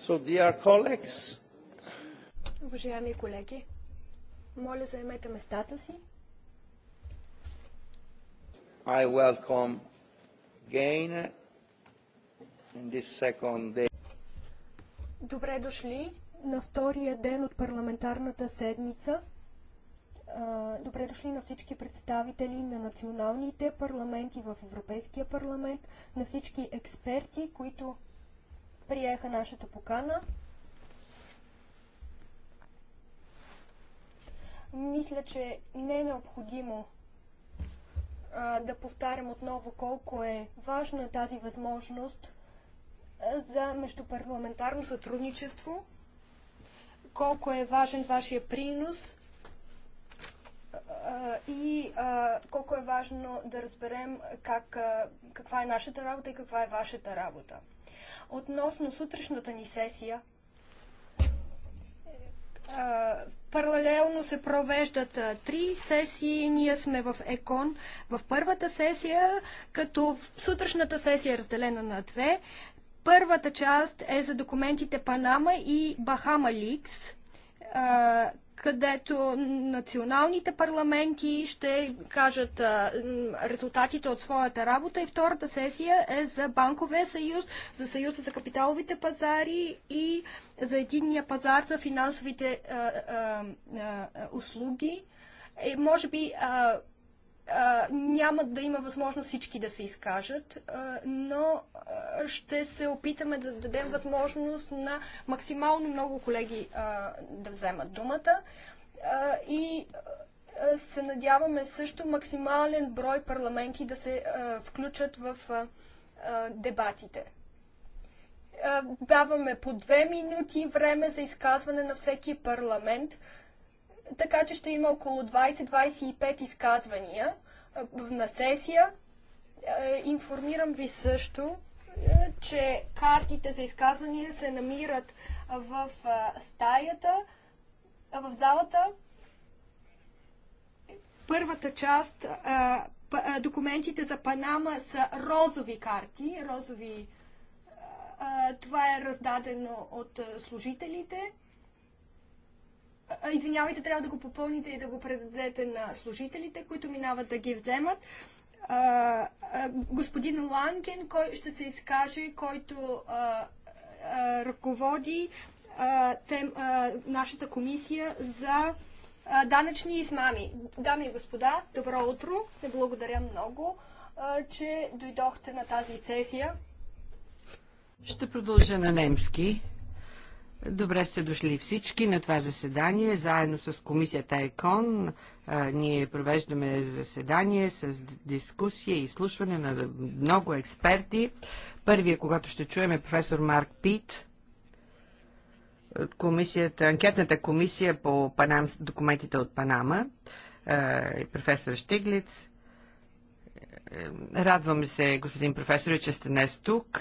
So, dear colleagues, Уважаеми колеги, моля заемете местата си. I welcome again in this second day. Добре дошли на втория ден от парламентарната седмица. Добре дошли на всички представители на националните парламенти в Европейския парламент, на всички експерти, които приеха нашата покана. Мисля, че не е необходимо а, да повтарям отново колко е важна тази възможност за междупарламентарно сътрудничество, колко е важен вашия принос и а, колко е важно да разберем как, а, каква е нашата работа и каква е вашата работа относно сутрешната ни сесия. Е, паралелно се провеждат три сесии. Ние сме в ЕКОН в първата сесия, като сутрешната сесия е разделена на две. Първата част е за документите Панама и Бахама Ликс където националните парламенти ще кажат резултатите от своята работа и втората сесия е за Банковия съюз, за съюза за капиталовите пазари и за единния пазар за финансовите услуги. Е, може би няма да има възможност всички да се изкажат, но ще се опитаме да дадем възможност на максимално много колеги да вземат думата. и се надяваме също максимален брой парламенти да се включат в дебатите. Даваме по две минути време за изказване на всеки парламент така че ще има около 20-25 изказвания е, на сесия. Е, информирам ви също, е, че картите за изказвания се намират в стаята, в залата. Първата част, документите за Панама са розови карти, розови. Това е раздадено от служителите. Извинявайте, трябва да го попълните и да го предадете на служителите, които минават да ги вземат. господин Ланген, кой ще се изкаже, който ръководи тем, нашата комисия за данъчни измами. Дами и господа, добро утро. Не благодаря много, че дойдохте на тази сесия. Ще продължа на немски. Добре сте дошли всички на това заседание, заедно с комисията ЕКОН. Ние провеждаме заседание с дискусия и изслушване на много експерти. Първият, когато ще чуем е професор Марк Пит от комисията, анкетната комисия по Панам, документите от Панама, професор Штиглиц. Радвам се, господин професор, че сте днес тук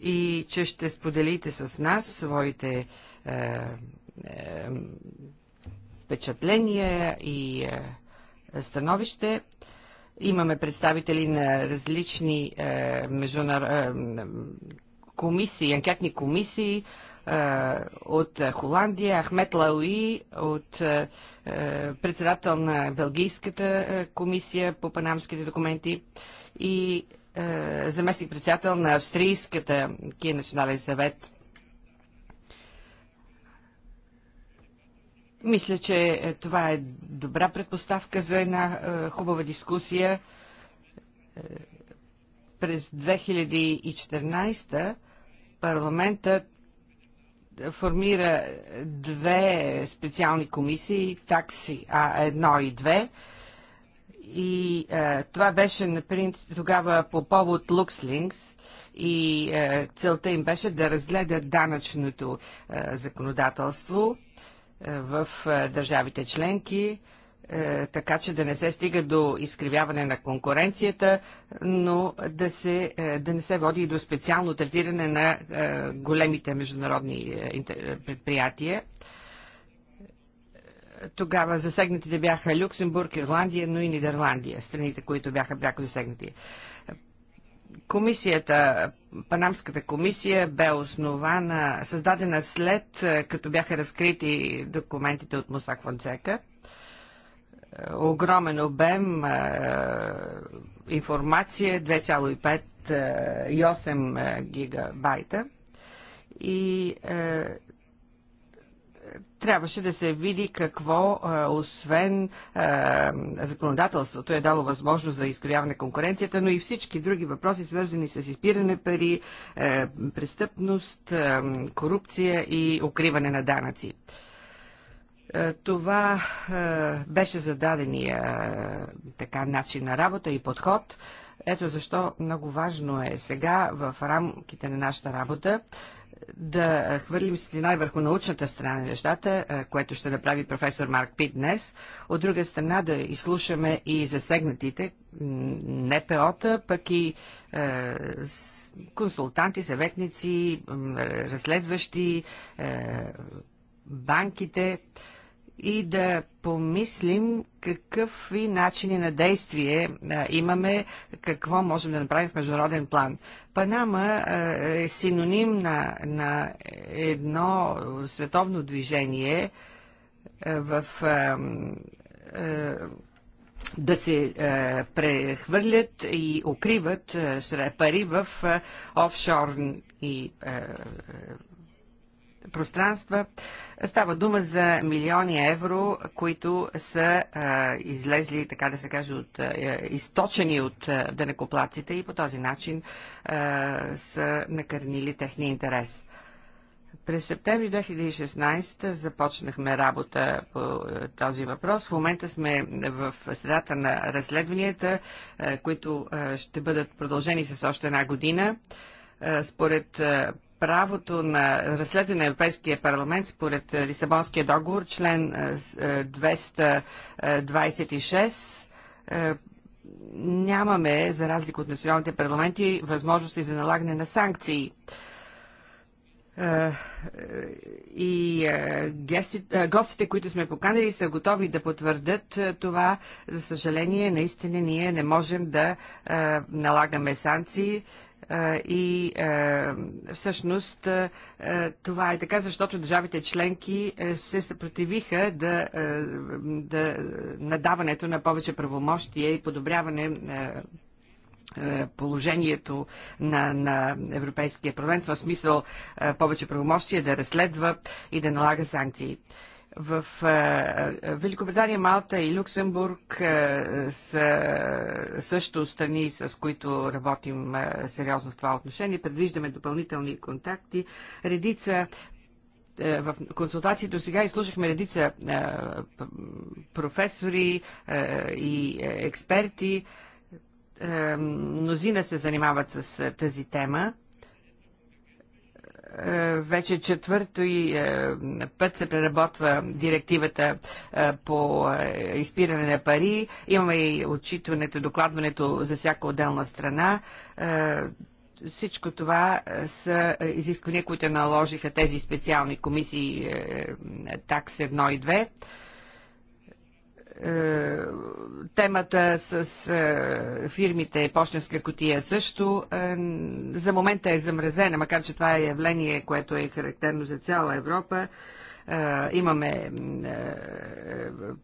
и че ще споделите с нас своите е, е, впечатления и е, становище. Имаме представители на различни е, междунар... е, комисии, анкетни комисии е, от Холандия, Ахмет Лауи, от е, е, председател на Белгийската е, комисия по панамските документи и е, заместник-председател на Австрийската Кия национален съвет. Мисля, че това е добра предпоставка за една е, хубава дискусия. Е, през 2014 парламентът формира две специални комисии, такси А1 и и е, това беше принцип тогава по повод LuxLinks и е, целта им беше да разгледат данъчното е, законодателство е, в е, държавите членки, е, така че да не се стига до изкривяване на конкуренцията, но да, се, е, да не се води и до специално третиране на е, големите международни е, предприятия тогава засегнатите бяха Люксембург, Ирландия, но и Нидерландия, страните, които бяха пряко засегнати. Комисията, Панамската комисия бе основана, създадена след е, като бяха разкрити документите от Мусак Фонсека. Огромен обем е, информация 2,5 и 8 е, гигабайта и трябваше да се види какво, освен законодателството, е дало възможност за изкоряване конкуренцията, но и всички други въпроси, свързани с изпиране пари, е, престъпност, е, корупция и укриване на данъци. Е, това беше зададения така начин на работа и подход. Ето защо много важно е сега в рамките на нашата работа да хвърлим светлина върху научната страна на нещата, което ще направи професор Марк Пит днес. От друга страна да изслушаме и засегнатите НПО-та, пък и е, консултанти, съветници, разследващи, е, банките и да помислим какви начини на действие имаме, какво можем да направим в международен план. Панама е синоним на, на едно световно движение в да се е, прехвърлят и укриват е, пари в е, офшорни е, пространства. Става дума за милиони евро, които са а, излезли, така да се каже, от, а, източени от а, денекоплаците и по този начин а, са накърнили техния интерес. През септември 2016 започнахме работа по този въпрос. В момента сме в средата на разследванията, които ще бъдат продължени с още една година. Според правото на разследване на Европейския парламент според е, Лисабонския договор, член 226, е, е, нямаме, за разлика от националните парламенти, възможности за налагане на санкции и гостите, които сме поканали, са готови да потвърдят това. За съжаление, наистина ние не можем да налагаме санкции и всъщност това е така, защото държавите членки е, се съпротивиха да, е, да надаването на повече правомощия и подобряване на е, положението на, на Европейския парламент, в смисъл повече правомощия да разследва и да налага санкции. В Великобритания, Малта и Люксембург са също страни, с които работим сериозно в това отношение. Предвиждаме допълнителни контакти. Редица в консултациите сега изслушахме редица професори и експерти. Мнозина се занимават с тази тема. Е, вече четвърто и е, път се преработва директивата е, по изпиране на пари. Имаме и отчитването, докладването за всяка отделна страна. Всичко това са изисквания, които наложиха тези специални комисии такс 1 и 2. Е, темата с е, фирмите Почтенска котия също е, за момента е замразена, макар че това е явление, което е характерно за цяла Европа. Е, имаме е, е,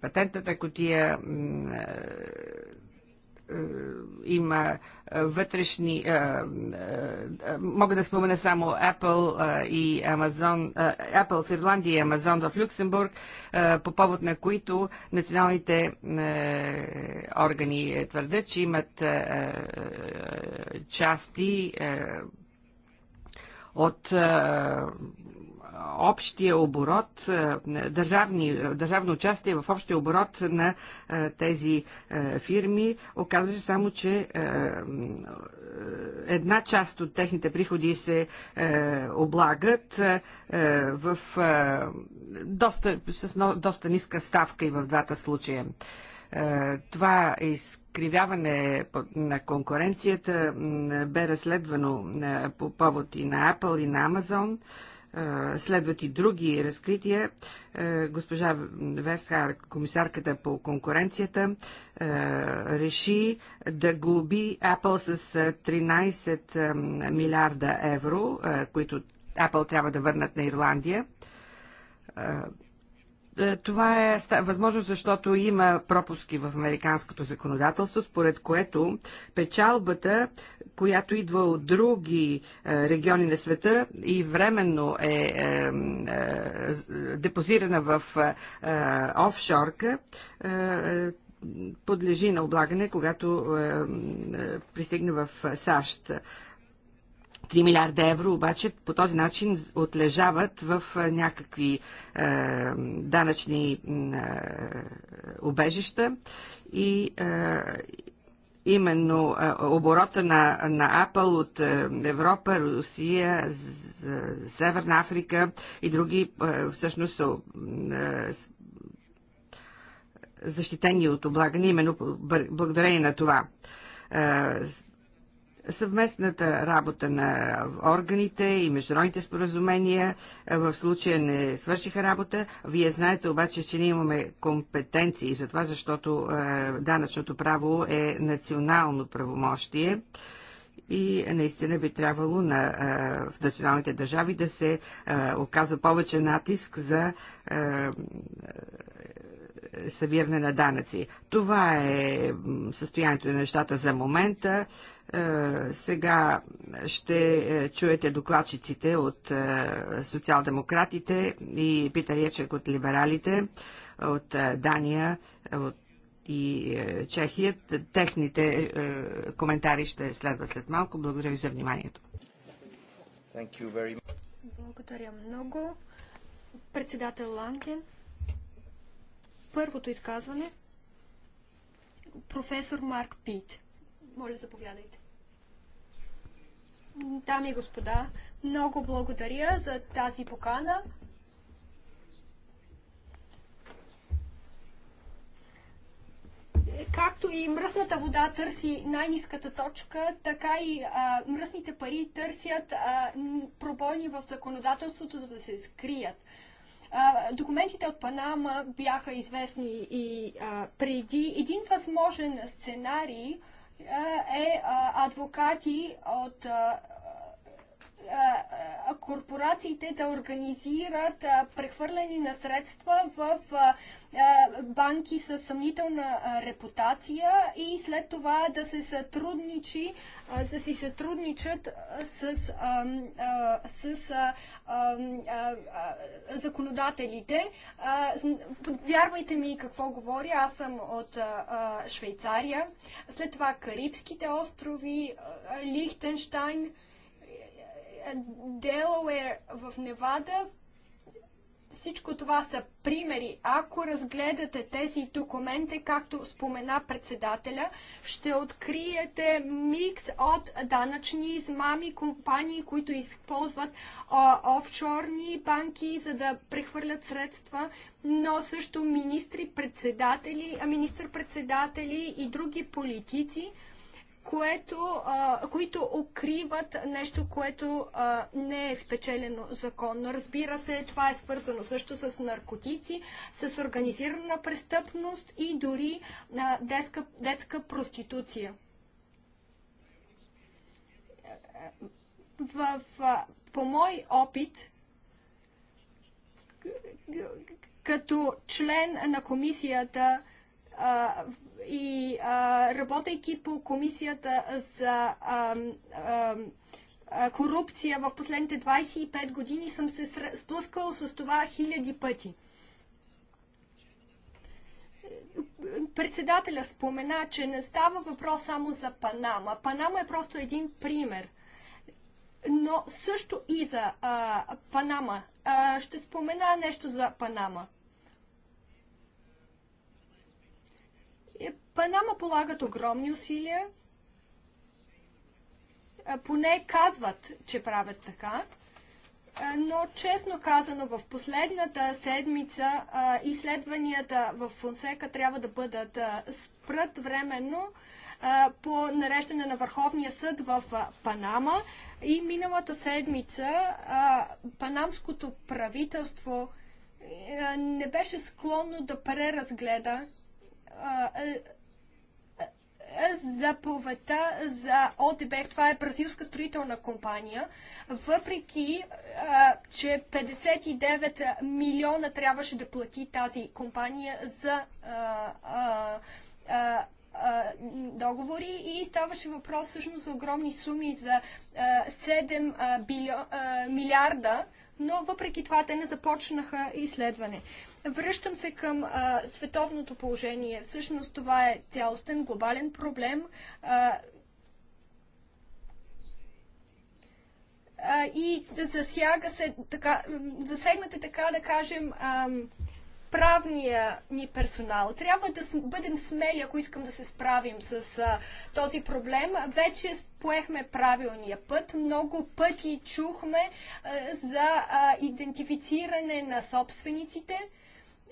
патентната котия, е, е, има е, вътрешни. Е, мога да спомена само Apple и Amazon, Apple в Ирландия и Amazon в Люксембург, по повод на които националните органи твърдят, че имат части от общия оборот, е, държавни, държавно участие в общия оборот на е, тези е, фирми. Оказва се само, че една част от техните приходи се облагат в доста, с доста ниска ставка и в двата случая това изкривяване на конкуренцията бе разследвано по повод и на Apple и на Amazon. Следват и други разкрития. Госпожа Весхар, комисарката по конкуренцията, реши да глоби Apple с 13 милиарда евро, които Apple трябва да върнат на Ирландия е, това е възможно, защото има пропуски в американското законодателство, според което печалбата, която идва от други е, региони на света и временно е, е депозирана в офшорка, подлежи на облагане, когато пристигне в САЩ. 3 милиарда евро обаче по този начин отлежават в някакви е, данъчни е, убежища и е, именно е, оборота на, на Apple от е, Европа, Русия, с, Северна Африка и други е, всъщност са е, защитени от облагане именно благодарение на това. Е, съвместната работа на органите и международните споразумения в случая не свършиха работа. Вие знаете обаче, че ние имаме компетенции за това, защото данъчното право е национално правомощие и наистина би трябвало на, в националните държави да се оказва повече натиск за събиране на данъци. Това е състоянието на нещата за момента. Е, сега ще е, чуете докладчиците от е, социал-демократите и Питър Ячек от либералите, от Дания, от и Чехия. Техните коментари ще следват след малко. Благодаря ви за вниманието. Благодаря много. Председател Ланген, първото изказване професор Марк Пит. Моля, заповядайте. Дами и господа, много благодаря за тази покана. Както и мръсната вода търси най-низката точка, така и а, мръсните пари търсят а, пробойни в законодателството, за да се скрият. А, документите от Панама бяха известни и а, преди. Един възможен сценарий – е, е адвокати от корпорациите да организират прехвърляне на средства в банки с съмнителна репутация и след това да се сътрудничи, да си сътрудничат с, с, с законодателите. Вярвайте ми какво говоря, аз съм от Швейцария. След това Карибските острови, Лихтенштайн, Делауер в Невада. Всичко това са примери. Ако разгледате тези документи, както спомена председателя, ще откриете микс от данъчни измами, компании, които използват а, офшорни банки, за да прехвърлят средства, но също министри, председатели, министър-председатели и други политици – което, а, които укриват нещо, което а, не е спечелено законно. Разбира се, това е свързано също с наркотици, с организирана престъпност и дори а, детска, детска проституция. В, а, по мой опит, като член на комисията, и работейки по комисията за корупция в последните 25 години съм се сблъсквал с това хиляди пъти. Председателя спомена, че не става въпрос само за Панама. Панама е просто един пример. Но също и за а, Панама. А, ще спомена нещо за Панама. Панама полагат огромни усилия, поне казват, че правят така, но честно казано, в последната седмица изследванията в Фонсека трябва да бъдат а, спрат временно по нареждане на Върховния съд в Панама. И миналата седмица панамското правителство не беше склонно да преразгледа е, заповедта за ОДБЕХ, това е бразилска строителна компания, въпреки, че 59 милиона трябваше да плати тази компания за договори и ставаше въпрос всъщност за огромни суми за 7 милиарда, но въпреки това те не започнаха изследване. Връщам се към а, световното положение. Всъщност това е цялостен глобален проблем. А, а, и засяга се, така, засегнате така да кажем а, правния ни персонал. Трябва да бъдем смели, ако искам да се справим с а, този проблем. Вече поехме правилния път. Много пъти чухме а, за а, идентифициране на собствениците.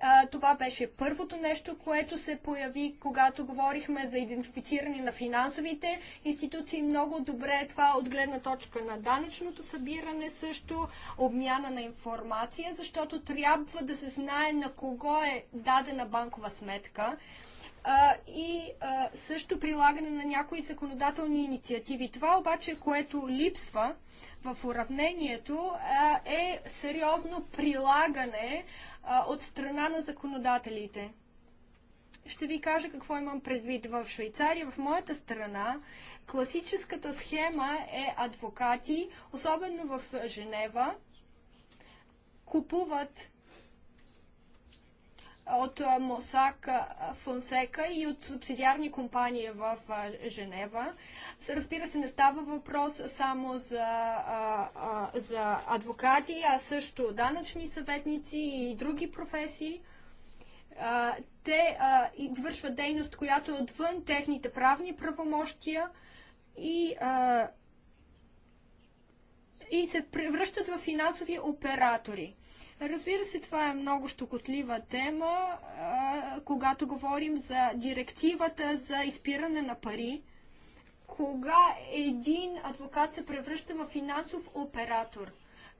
А, това беше първото нещо, което се появи, когато говорихме за идентифициране на финансовите институции. Много добре е това от гледна точка на данъчното събиране също, обмяна на информация, защото трябва да се знае на кого е дадена банкова сметка. А, и а, също прилагане на някои законодателни инициативи. Това обаче, което липсва в уравнението, е сериозно прилагане а, от страна на законодателите. Ще ви кажа какво имам предвид. В Швейцария, в моята страна, класическата схема е адвокати, особено в Женева, купуват от Мосак Фонсека и от субсидиарни компании в Женева. Разбира се, не става въпрос само за, за адвокати, а също данъчни съветници и други професии. Те извършват дейност, която е отвън техните правни правомощия и и се превръщат в финансови оператори. Разбира се, това е много щукотлива тема, когато говорим за директивата за изпиране на пари. Кога един адвокат се превръща в финансов оператор?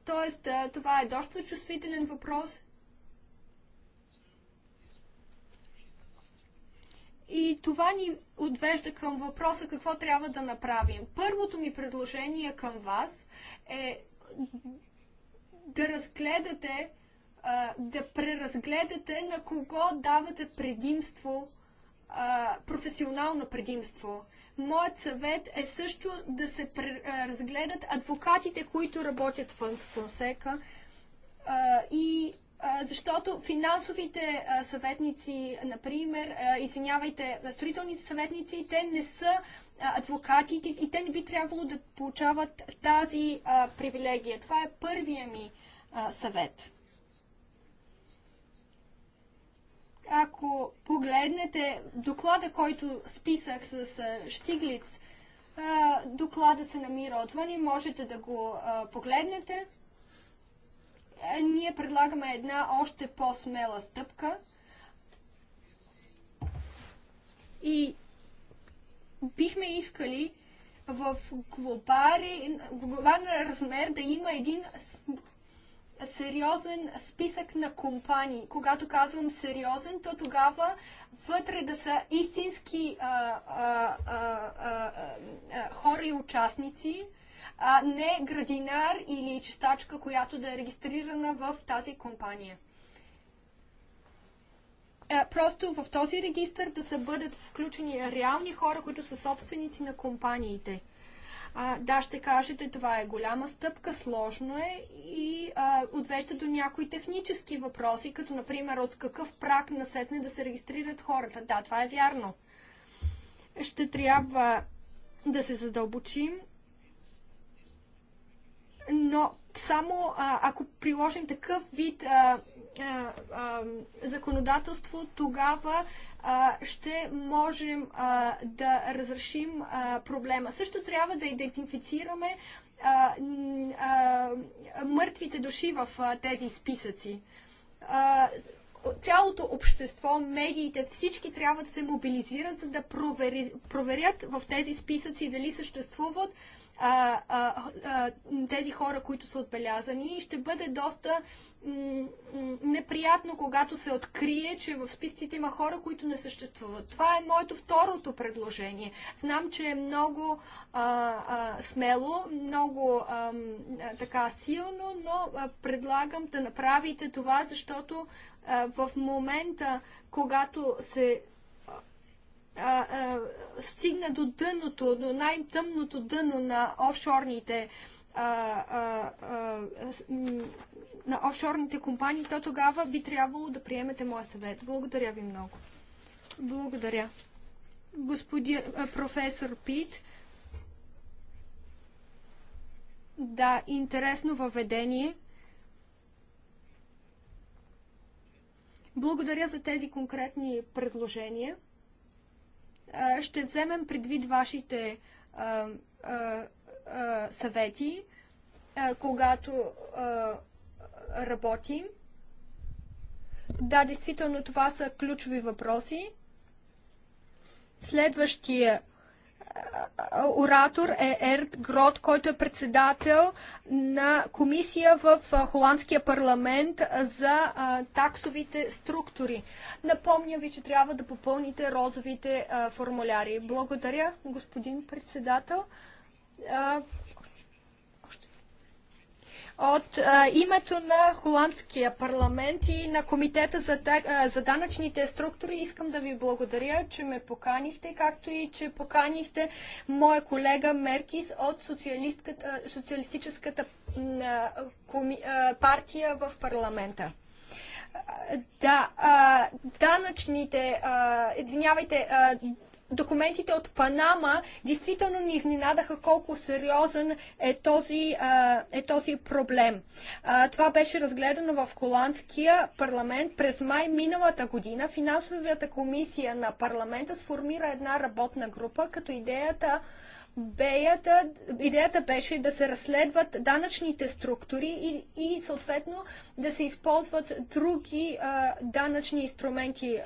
Тоест, това е доста чувствителен въпрос. И това ни отвежда към въпроса какво трябва да направим. Първото ми предложение към вас е да разгледате, а, да преразгледате на кого давате предимство, а, професионално предимство. Моят съвет е също да се разгледат адвокатите, които работят в Фонсека а, и защото финансовите съветници, например, извинявайте, строителните съветници, те не са адвокатите и те не би трябвало да получават тази а, привилегия. Това е първия ми а, съвет. Ако погледнете доклада, който списах с а, Штиглиц, а, доклада се намира отвън и можете да го а, погледнете. А, ние предлагаме една още по-смела стъпка. И бихме искали в глобален, глобален размер да има един сериозен списък на компании. Когато казвам сериозен, то тогава вътре да са истински а, а, а, хора и участници, а не градинар или чистачка, която да е регистрирана в тази компания. Е, просто в този регистр да се бъдат включени реални хора, които са собственици на компаниите. А, да, ще кажете, това е голяма стъпка, сложно е и а, отвежда до някои технически въпроси, като например от какъв прак насетне да се регистрират хората. Да, това е вярно. Ще трябва да се задълбочим, но само а, ако приложим такъв вид а, е, е, законодателство, тогава е, ще можем да разрешим проблема. Също трябва да идентифицираме мъртвите души в тези списъци. цялото общество, медиите, всички трябва да се мобилизират, за да провери, проверят в тези списъци дали съществуват а, а, а, тези хора, които са отбелязани. И ще бъде доста неприятно, когато се открие, че в списците има хора, които не съществуват. Това е моето второто предложение. Знам, че е много а, а, смело, много а, така силно, но а, предлагам да направите това, защото а, в момента, когато се а, а, стигна до дъното, до най-тъмното дъно на офшорните а, а, а, на офшорните компании, то тогава би трябвало да приемете моя съвет. Благодаря ви много. Благодаря. Господин професор Пит. Да, интересно въведение. Благодаря за тези конкретни предложения ще вземем предвид вашите а, а, а, съвети, когато работим. Да, действително това са ключови въпроси. Следващия оратор е Ерд Грот, който е председател на комисия в Холандския парламент за таксовите структури. Напомня ви, че трябва да попълните розовите формуляри. Благодаря, господин председател от а, името на Холандския парламент и на Комитета за, а, за данъчните структури искам да ви благодаря, че ме поканихте, както и че поканихте моя колега Меркис от Социалистическата а, коми, а, партия в парламента. Да, а, данъчните, а, извинявайте, а, документите от Панама действително ни изненадаха колко сериозен е този, е този проблем. Това беше разгледано в Холандския парламент през май миналата година. Финансовата комисия на парламента сформира една работна група, като идеята Беята, идеята беше да се разследват данъчните структури и, и съответно да се използват други а, данъчни инструменти.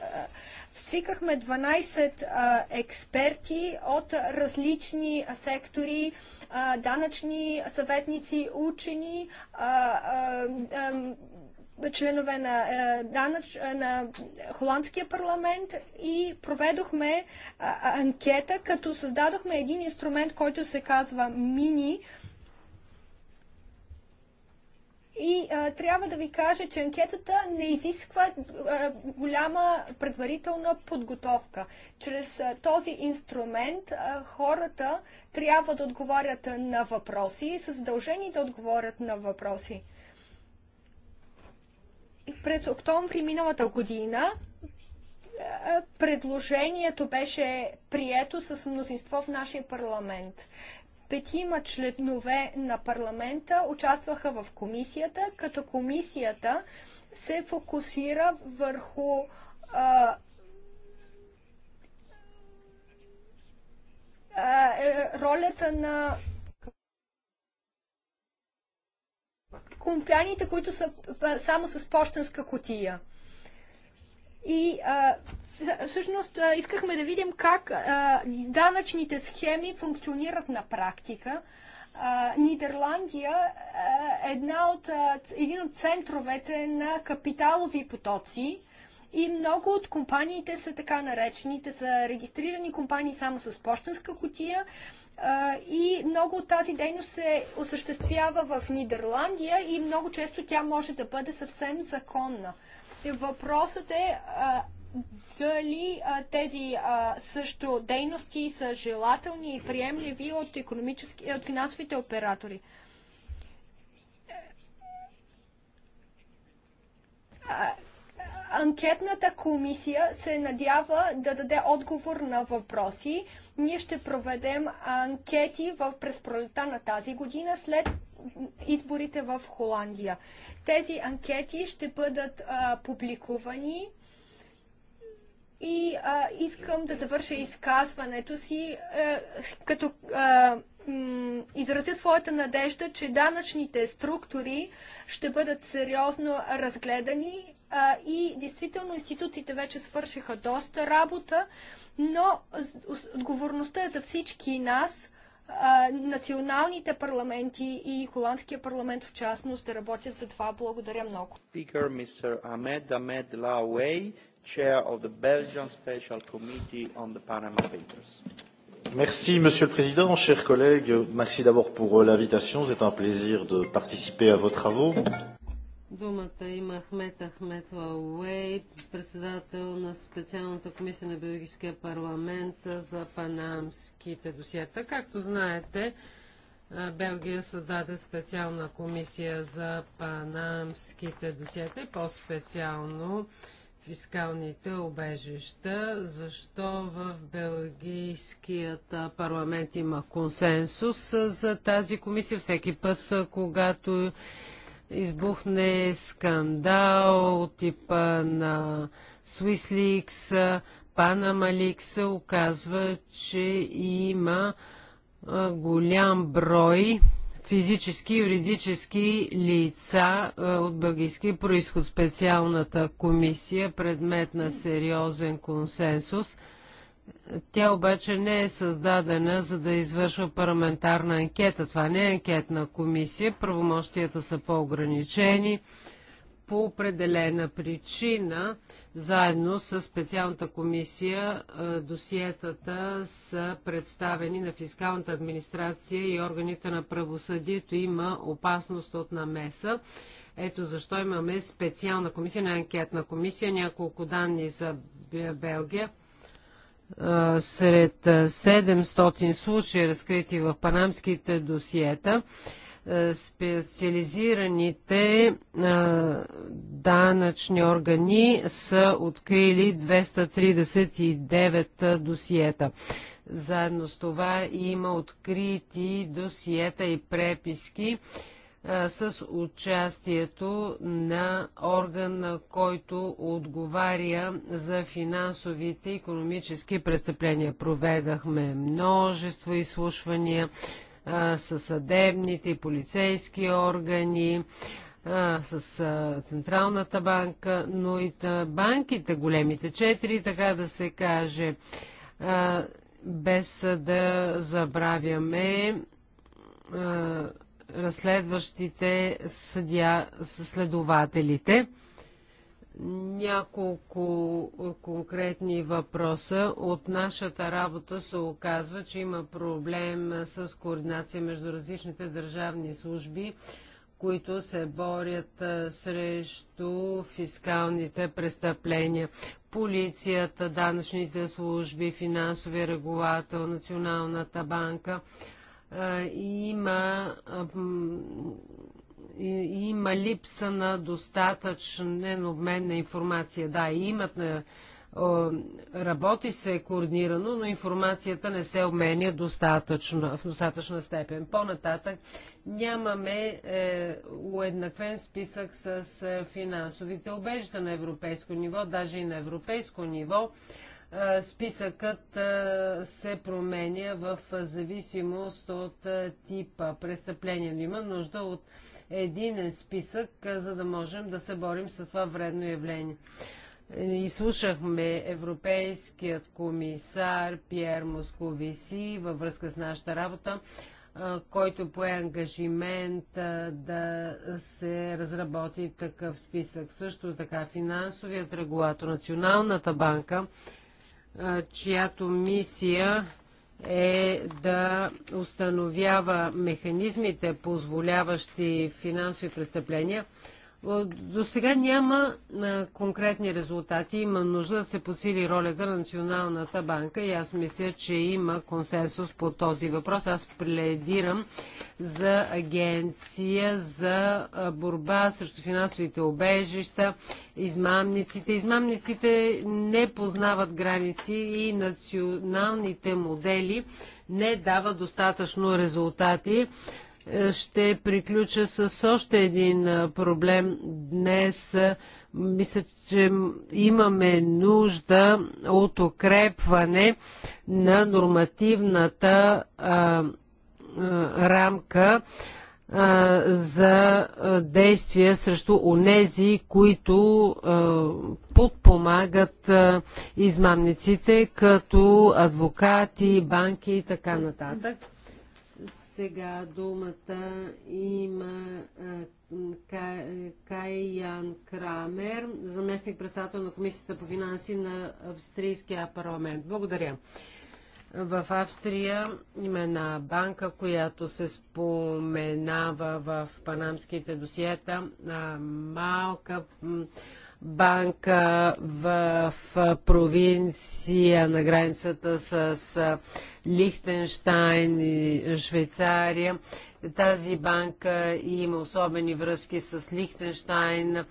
Свикахме 12 а, експерти от различни сектори, а, данъчни съветници, учени, а, а, а, членове на, е, данъч, е, на Холандския парламент и проведохме е, анкета, като създадохме един инструмент, който се казва Мини. И а, трябва да ви кажа, че анкетата не изисква а, голяма предварителна подготовка. Чрез а, този инструмент а, хората трябва да отговорят на въпроси и са задължени да отговорят на въпроси през октомври миналата година е, предложението беше прието с мнозинство в нашия парламент. Петима членове на парламента участваха в комисията, като комисията се фокусира върху а, а, е, ролята на компаниите, които са само с почтенска котия. И а, всъщност а, искахме да видим как а, данъчните схеми функционират на практика. А, Нидерландия е една от, един от центровете на капиталови потоци и много от компаниите са така наречените, са регистрирани компании само с почтенска котия. И много от тази дейност се осъществява в Нидерландия и много често тя може да бъде съвсем законна. Въпросът е дали а, тези а, също дейности са желателни и приемливи от, от финансовите оператори. А, Анкетната комисия се надява да даде отговор на въпроси. Ние ще проведем анкети в през пролета на тази година след изборите в Холандия. Тези анкети ще бъдат а, публикувани и а, искам да завърша изказването си, а, е, като а, изразя своята надежда, че данъчните структури ще бъдат сериозно разгледани а, и действително институциите вече свършиха доста работа, но отговорността е за всички нас, а, националните парламенти и холандския парламент в частност да работят за това. Благодаря много. Speaker, Mr. Ahmed Ahmed Laouei, chair of the Belgian Special Committee on the Panama Papers. Merci, Monsieur le Président, chers collègues. Merci d'abord pour l'invitation. C'est un plaisir de participer à vos travaux. Думата има Ахмет Ахмет Лауей, председател на специалната комисия на Белгийския парламент за панамските досиета. Както знаете, Белгия създаде специална комисия за панамските досиета и по-специално фискалните обежища. Защо в Белгийският парламент има консенсус за тази комисия всеки път, когато избухне скандал от типа на SwissLeaks, PanamaLeaks, оказва, че има голям брой физически и юридически лица от бългийски происход. Специалната комисия, предмет на сериозен консенсус – тя обаче не е създадена за да извършва парламентарна анкета. Това не е анкетна комисия. Правомощията са по-ограничени по определена причина, заедно с специалната комисия, досиетата са представени на фискалната администрация и органите на правосъдието. Има опасност от намеса. Ето защо имаме специална комисия, не анкетна комисия. Няколко данни за Белгия сред 700 случаи, разкрити в панамските досиета, специализираните данъчни органи са открили 239 досиета. Заедно с това има открити досиета и преписки с участието на орган, който отговаря за финансовите и економически престъпления. Проведахме множество изслушвания с съдебните и полицейски органи, с Централната банка, но и банките, големите четири, така да се каже, без да забравяме разследващите съдя, следователите. Няколко конкретни въпроса. От нашата работа се оказва, че има проблем с координация между различните държавни служби, които се борят срещу фискалните престъпления. Полицията, данъчните служби, финансови регулатор, Националната банка – има, има липса на достатъчен обмен на информация. Да, имат на е, работи се координирано, но информацията не се обменя достатъчно, в достатъчна степен. По-нататък нямаме е, уеднаквен списък с е, финансовите обежда на европейско ниво, даже и на европейско ниво. Е, списъкът се променя в зависимост от типа престъпления. Но има нужда от един списък, за да можем да се борим с това вредно явление. Изслушахме европейският комисар Пьер Московиси във връзка с нашата работа, който пое ангажимент да се разработи такъв списък. Също така финансовият регулатор, Националната банка, чиято мисия е да установява механизмите, позволяващи финансови престъпления. До сега няма конкретни резултати. Има нужда да се посили ролята на Националната банка и аз мисля, че има консенсус по този въпрос. Аз пледирам за агенция за борба срещу финансовите обежища, измамниците. Измамниците не познават граници и националните модели не дават достатъчно резултати. Ще приключа с още един проблем. Днес мисля, че имаме нужда от укрепване на нормативната а, а, рамка а, за действия срещу онези, които а, подпомагат а, измамниците като адвокати, банки и така нататък. Сега думата има Кайян Крамер, заместник председател на Комисията по финанси на Австрийския парламент. Благодаря. В Австрия има една банка, която се споменава в панамските досиета. Малка банка в провинция на границата с Лихтенштайн и Швейцария. Тази банка има особени връзки с Лихтенштайн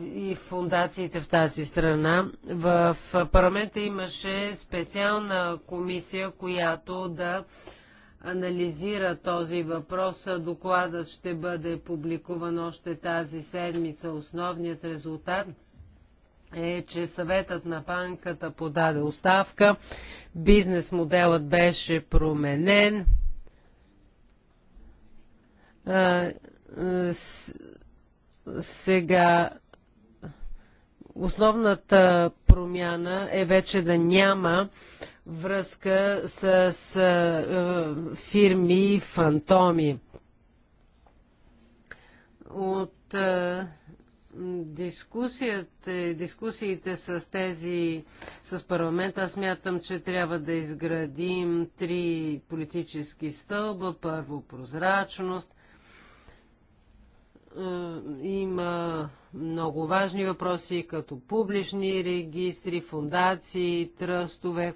и фундациите в тази страна. В парламента имаше специална комисия, която да анализира този въпрос. Докладът ще бъде публикуван още тази седмица. Основният резултат е, че съветът на банката подаде оставка, бизнес моделът беше променен, сега основната промяна е вече да няма връзка с, с е, фирми фантоми. От е, дискусията, дискусиите с тези, с парламента, аз мятам, че трябва да изградим три политически стълба. Първо прозрачност. Е, има много важни въпроси, като публични регистри, фундации, тръстове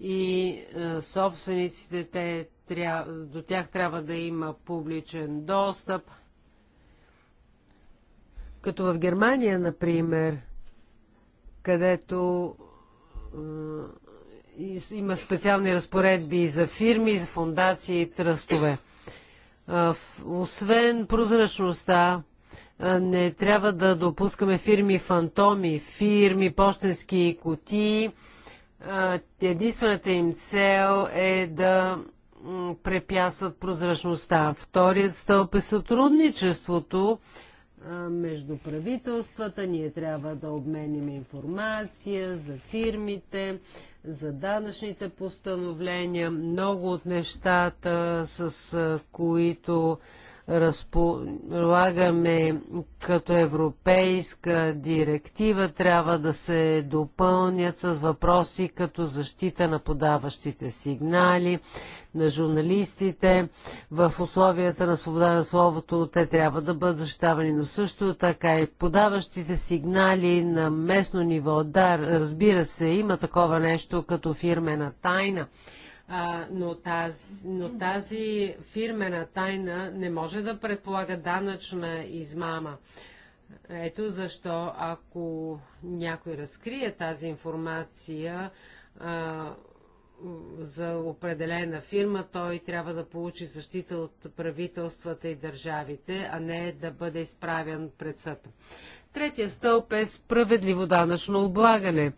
и е, собствениците те, тря... до тях трябва да има публичен достъп. Като в Германия, например, където е, има специални разпоредби за фирми, за фундации и тръстове. Е, освен прозрачността, не трябва да допускаме фирми фантоми, фирми, почтенски кутии, единствената им цел е да препятстват прозрачността. Вторият стълб е сътрудничеството между правителствата. Ние трябва да обменим информация за фирмите, за данъчните постановления. Много от нещата, с които разполагаме като европейска директива, трябва да се допълнят с въпроси като защита на подаващите сигнали, на журналистите. В условията на свобода на словото те трябва да бъдат защитавани, но също така и подаващите сигнали на местно ниво. Да, разбира се, има такова нещо като фирмена тайна а, но, тази, но тази фирмена тайна не може да предполага данъчна измама. Ето защо, ако някой разкрие тази информация а, за определена фирма, той трябва да получи защита от правителствата и държавите, а не да бъде изправен пред съд. Третия стълб е справедливо данъчно облагане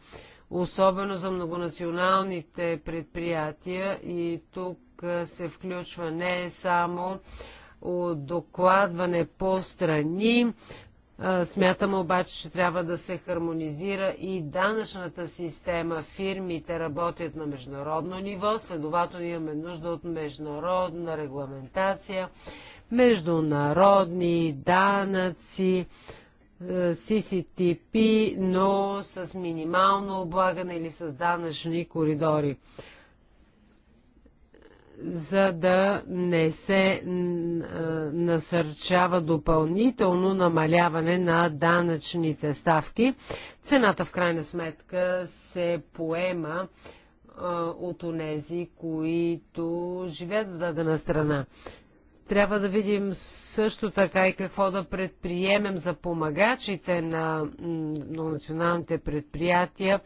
особено за многонационалните предприятия и тук се включва не само докладване по страни, Смятам обаче, че трябва да се хармонизира и данъчната система. Фирмите работят на международно ниво, следователно имаме нужда от международна регламентация, международни данъци, CCTP, е, но с минимално облагане или с данъчни коридори, за да не се е, насърчава допълнително намаляване на данъчните ставки. Цената в крайна сметка се поема е, от онези, които живеят в дадена страна. Трябва да видим също така и какво да предприемем за помагачите на националните предприятия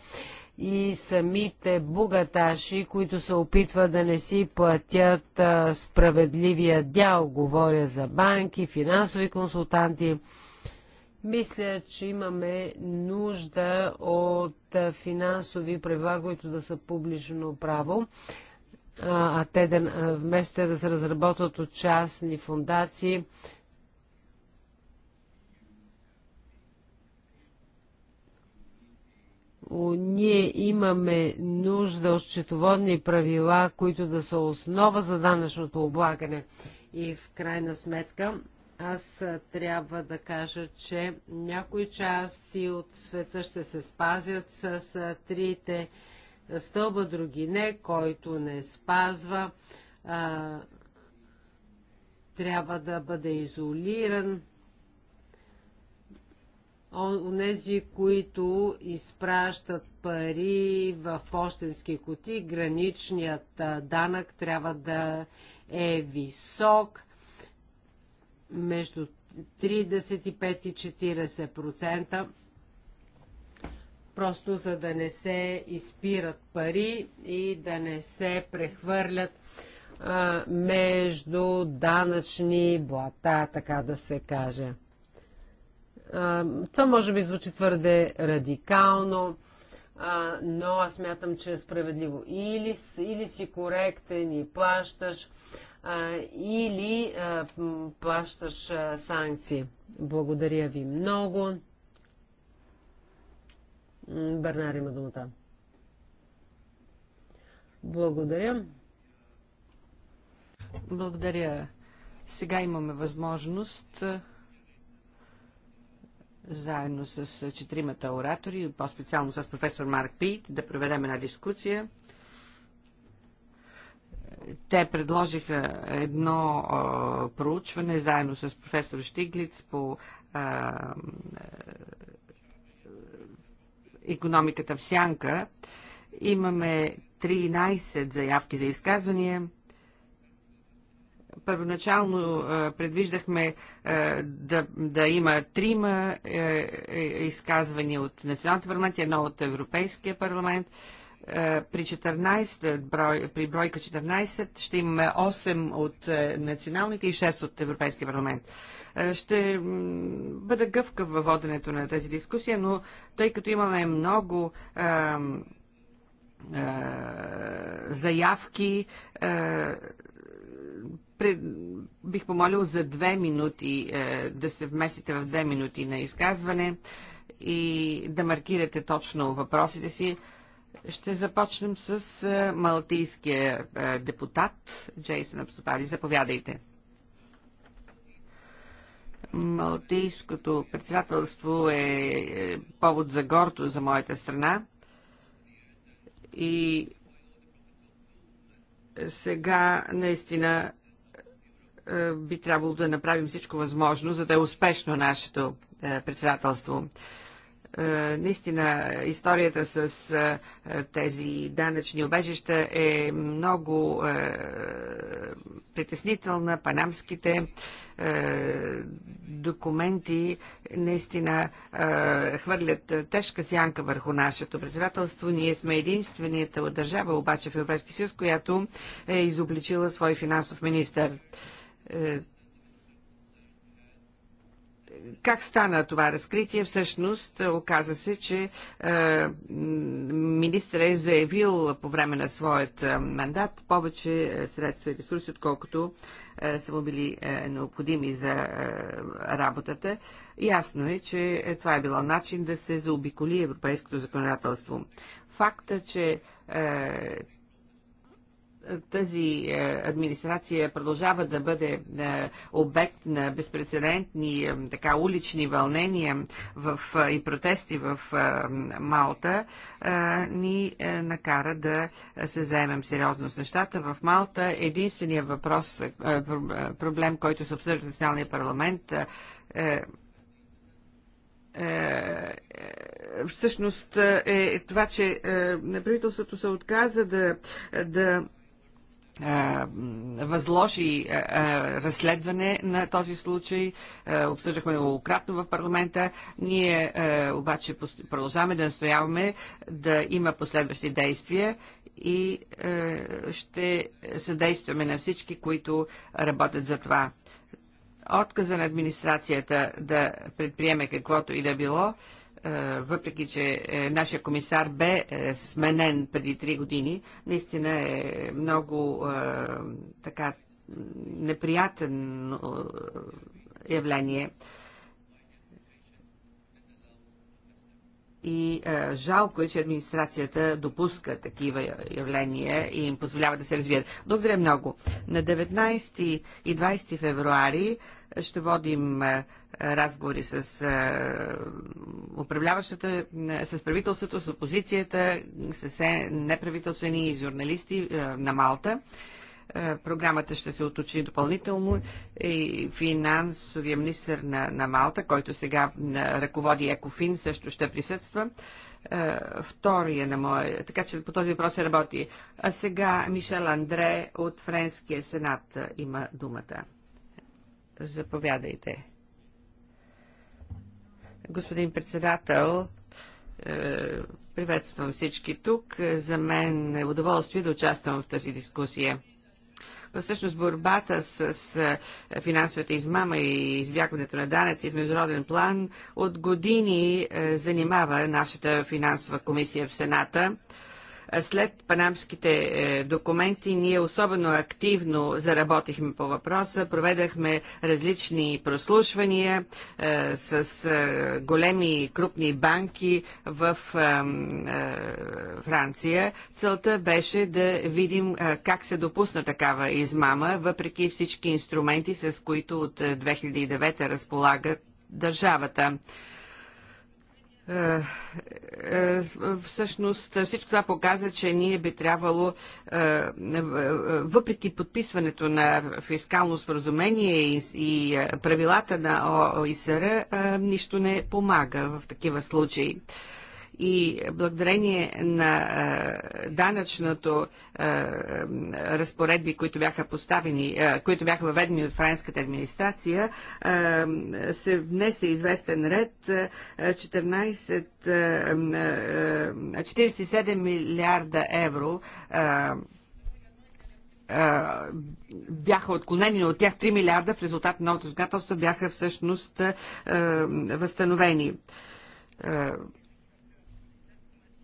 и самите богаташи, които се опитват да не си платят а, справедливия дял. Говоря за банки, финансови консултанти. Мисля, че имаме нужда от финансови правила, които да са публично право а, а те да, вместо те да се разработват от частни фундации, ние имаме нужда от счетоводни правила, които да са основа за данъчното облагане. И в крайна сметка аз трябва да кажа, че някои части от света ще се спазят с трите стълба, други не, който не спазва, а, трябва да бъде изолиран. Онези, които изпращат пари в почтенски коти, граничният данък трябва да е висок между 35 и 40% просто за да не се изпират пари и да не се прехвърлят а, между данъчни блата, така да се каже. А, това може би звучи твърде радикално, а, но аз мятам, че е справедливо. Или, или си коректен и плащаш, а, или а, плащаш а, санкции. Благодаря ви много. Бернар има думата. Благодаря. Благодаря. Сега имаме възможност е, заедно с е, четиримата оратори, по-специално с професор Марк Пит, да проведем една дискусия. Е, те предложиха едно проучване заедно с професор Штиглиц по економиката в сянка. Имаме 13 заявки за изказвания. Първоначално е, предвиждахме е, да, да има трима е, изказвания от Националната парламент едно от Европейския парламент при, 14, брой, при бройка 14 ще имаме 8 от националните и 6 от Европейския парламент. Е, ще бъда гъвка във воденето на тази дискусия, но тъй като имаме много а, а, заявки, а, пред, бих помолил за две минути, а, е, да се вместите в две минути на изказване и да маркирате точно въпросите си. Ще започнем с е, малтийския депутат Джейсън Абсопади. Заповядайте. Малтийското председателство е, е повод за горто за моята страна. И сега наистина е, би трябвало да направим всичко възможно, за да е успешно нашето е, председателство. Е, наистина, историята с е, тези данъчни обежища е много е, притеснителна. Панамските документи наистина хвърлят тежка сянка върху нашето председателство. Ние сме единствената от държава, обаче в Европейския съюз, която е изобличила свой финансов министър как стана това разкритие? Всъщност, е, оказа се, че е, министър е заявил по време на своят е, мандат повече средства и ресурси, отколкото са му били необходими за работата. Ясно е, че това е било начин да се заобиколи европейското законодателство. Факта, че тази е, администрация продължава да бъде е, обект на безпредседентни е, така улични вълнения в, и протести в Малта, ни накара да се заемем сериозно с нещата. В Малта единствения въпрос, проблем, който се обсъжда в Националния парламент, всъщност е това, че правителството се отказа да, да възложи разследване на този случай. Обсъждахме многократно в парламента. Ние обаче продължаваме да настояваме да има последващи действия и ще съдействаме на всички, които работят за това. Отказа на администрацията да предприеме каквото и да било е, въпреки че е, нашия комисар бе е, сменен преди три години, наистина е много така неприятен явление. И е, жалко е, че администрацията допуска такива явления и им позволява да се развият. Благодаря много. На 19 и 20 февруари ще водим е, разговори с управляващата, с правителството, с опозицията, с е, неправителствени и журналисти на Малта. Програмата ще се оточи допълнително и финансовия министр на, на Малта, който сега ръководи Екофин, също ще присъства. Втория на моя... Така че по този въпрос се работи. А сега Мишел Андре от Френския сенат има думата. Заповядайте. Господин председател, е, приветствам всички тук. За мен е удоволствие да участвам в тази дискусия. Всъщност борбата с, е, финансовата измама и избягването на данъци в международен план от години е, занимава нашата финансова комисия в Сената. След панамските е, документи ние особено активно заработихме по въпроса, проведахме различни прослушвания е, с е, големи крупни банки в е, Франция. Целта беше да видим е, как се допусна такава измама, въпреки всички инструменти, с които от 2009 е, разполагат държавата. Е, е, всъщност всичко това показва, че ние би трябвало, е, въпреки подписването на фискално споразумение и правилата на ОИСР, нищо не помага в такива случаи и благодарение на данъчното разпоредби, които бяха поставени, които бяха въведени от френската администрация, се внесе известен ред 14, 47 милиарда евро бяха отклонени, но от тях 3 милиарда в резултат на новото бяха всъщност възстановени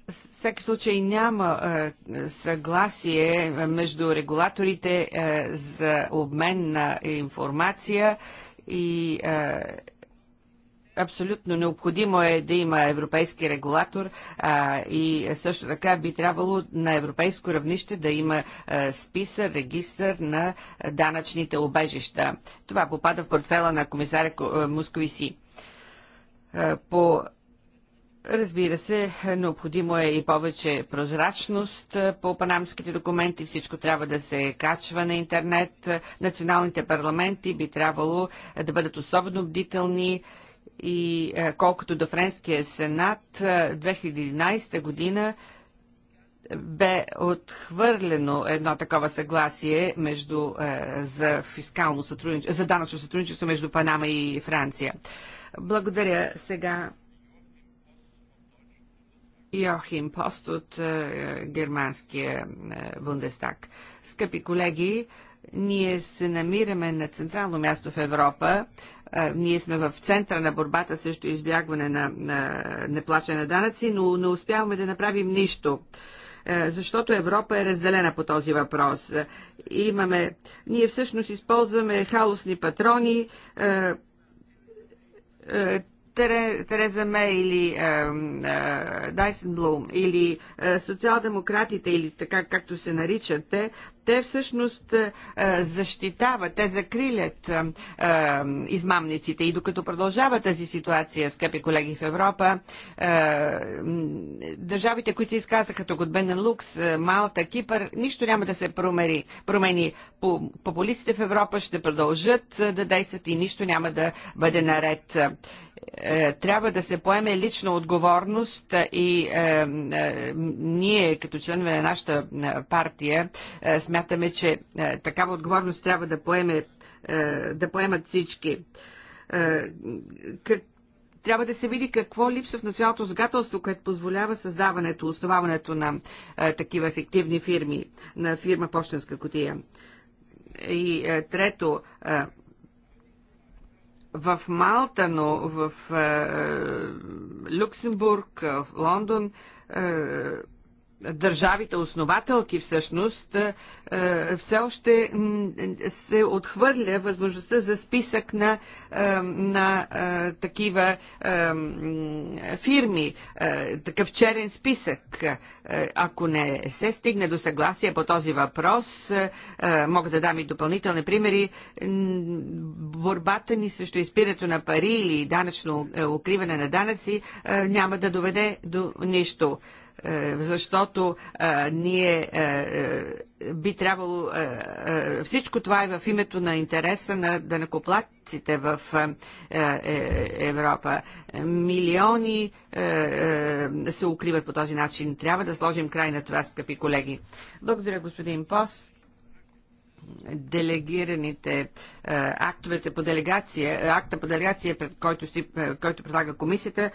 всеки случай няма е, съгласие е, между регулаторите е, за обмен на информация и е, абсолютно необходимо е да има европейски регулатор е, и също така би трябвало на европейско равнище да има е, списа, регистър на данъчните обежища. Това попада в портфела на комисаря Московиси. По Разбира се, необходимо е и повече прозрачност по панамските документи. Всичко трябва да се качва на интернет. Националните парламенти би трябвало да бъдат особено бдителни и колкото до Френския сенат 2011 година бе отхвърлено едно такова съгласие между, за, фискално сътрудничество, за данъчно сътрудничество между Панама и Франция. Благодаря сега Йохим Пост от е, германския е, Бундестаг. Скъпи колеги, ние се намираме на централно място в Европа. Е, ние сме в центъра на борбата срещу избягване на, на неплачене на данъци, но не успяваме да направим нищо е, защото Европа е разделена по този въпрос. Е, имаме, ние всъщност използваме хаосни патрони, е, Тереза Мей или Дайсенблум или социал-демократите или така както се наричат те, те всъщност е, е, защитават, те закрилят е, измамниците. И докато продължава тази ситуация, скъпи колеги в Европа, държавите, които се изказаха тук от Лукс, Малта, Кипър, нищо няма да се промери, промени. Популистите в Европа ще продължат да действат и нищо няма да бъде наред трябва да се поеме лична отговорност и ние като членове на нашата партия сме смятаме, че е, такава отговорност трябва да, поеме, е, да поемат всички. Е, как, трябва да се види какво липсва в националното загателство, което позволява създаването, основаването на е, такива ефективни фирми, на фирма Почтенска котия. И е, трето, е, в Малта, но в е, Люксембург, в Лондон, е, държавите основателки всъщност е, е, все още се отхвърля възможността за списък на, е, на такива фирми, такъв черен списък. Ако не се стигне до съгласие по този въпрос, мога да дам и допълнителни примери. Борбата ни срещу изпирането на пари или данъчно укриване на данъци няма да доведе до нищо е, защото а, е, ние а, е, би трябвало. А, всичко това е в името на интереса на данакоплатците в Европа. Милиони се укриват по този начин. Трябва да сложим край на това, скъпи колеги. Благодаря, господин Пост делегираните е, актовете по делегация, е, акта по делегация, пред който, си, е, който предлага комисията,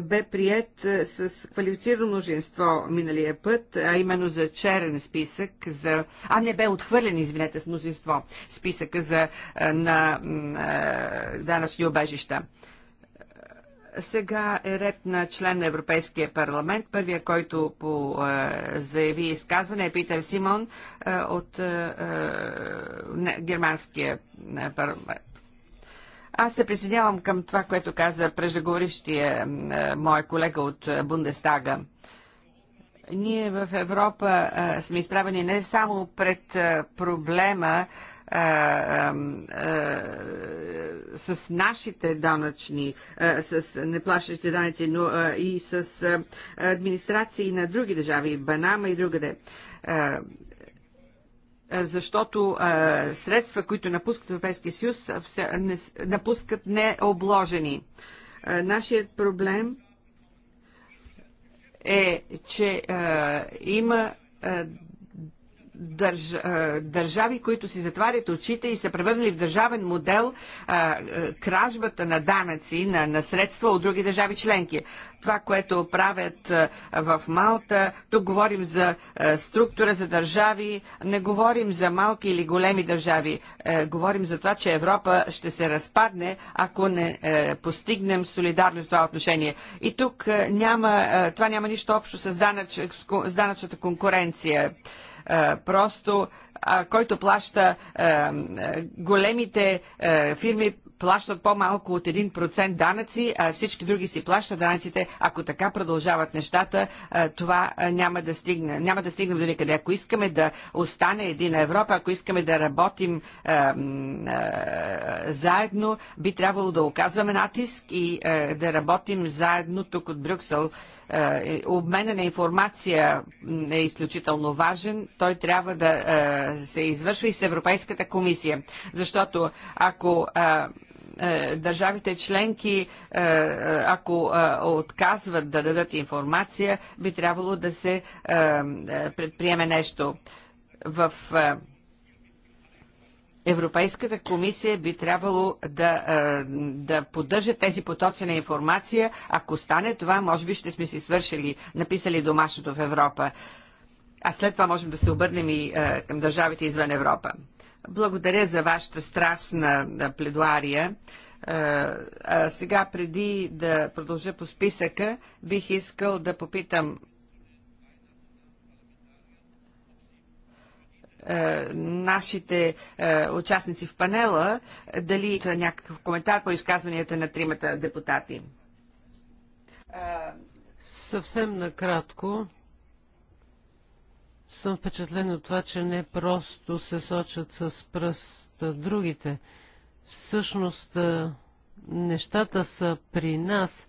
бе прият с квалифицирано множество миналия път, а именно за черен списък, за... а не бе отхвърлен, извинете, с мнозинство списъка за, на, на данъчни обежища. Сега е ред на член на Европейския парламент. Първия, който по, е, заяви изказване е Питер Симон е, от е, е не, германския е, парламент. Аз се присъединявам към това, което каза преждеговорившия е, моя колега от Бундестага ние в Европа а, е, сме изправени не само пред а, проблема с нашите данъчни, с неплащащите данъци, но и с администрации на други държави, Банама и другаде защото средства, които напускат Европейския съюз, напускат необложени. нашият проблем е, че има държ, държави, които си затварят очите и са превърнали в държавен модел кражбата на данъци, на, на средства от други държави членки. Това, което правят в Малта, тук говорим за структура за държави, не говорим за малки или големи държави. Е, говорим за това, че Европа ще се разпадне, ако не е, постигнем солидарност в това отношение. И тук е, няма, това няма нищо общо с, данъч, с данъчната конкуренция. Е, просто който плаща е, е, големите фирми плащат по-малко от 1% данъци, а всички други си плащат данъците. Ако така продължават нещата, това няма да стигне. Няма да стигнем до никъде. Ако искаме да остане една Европа, ако искаме да работим е, е, заедно, би трябвало да оказваме натиск и е, да работим заедно тук от Брюксел е, обмена на информация е изключително важен. Той трябва да е, се извършва и с Европейската комисия. Защото ако е, държавите членки, ако отказват да дадат информация, би трябвало да се предприеме нещо в Европейската комисия би трябвало да, е, да поддържа тези потоци на информация. Ако стане това, може би ще сме си свършили, написали домашното в Европа. А след това можем да се обърнем и е, към държавите извън Европа. Благодаря за вашата страстна е, пледуария. А сега, преди да продължа по списъка, бих искал да попитам Е, нашите е, участници в панела, дали някакъв коментар по изказванията на тримата депутати. Е, съвсем накратко съм впечатлен от това, че не просто се сочат с пръст другите. Всъщност нещата са при нас.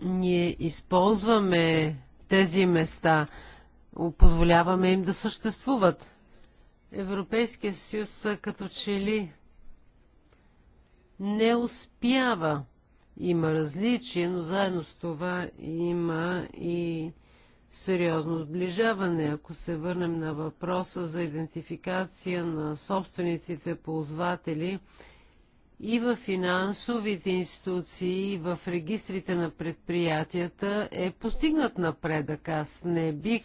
Ние използваме тези места – позволяваме им да съществуват. Европейския съюз като че ли не успява. Има различия, но заедно с това има и сериозно сближаване. Ако се върнем на въпроса за идентификация на собствениците ползватели и в финансовите институции, и в регистрите на предприятията е постигнат напредък. Аз не бих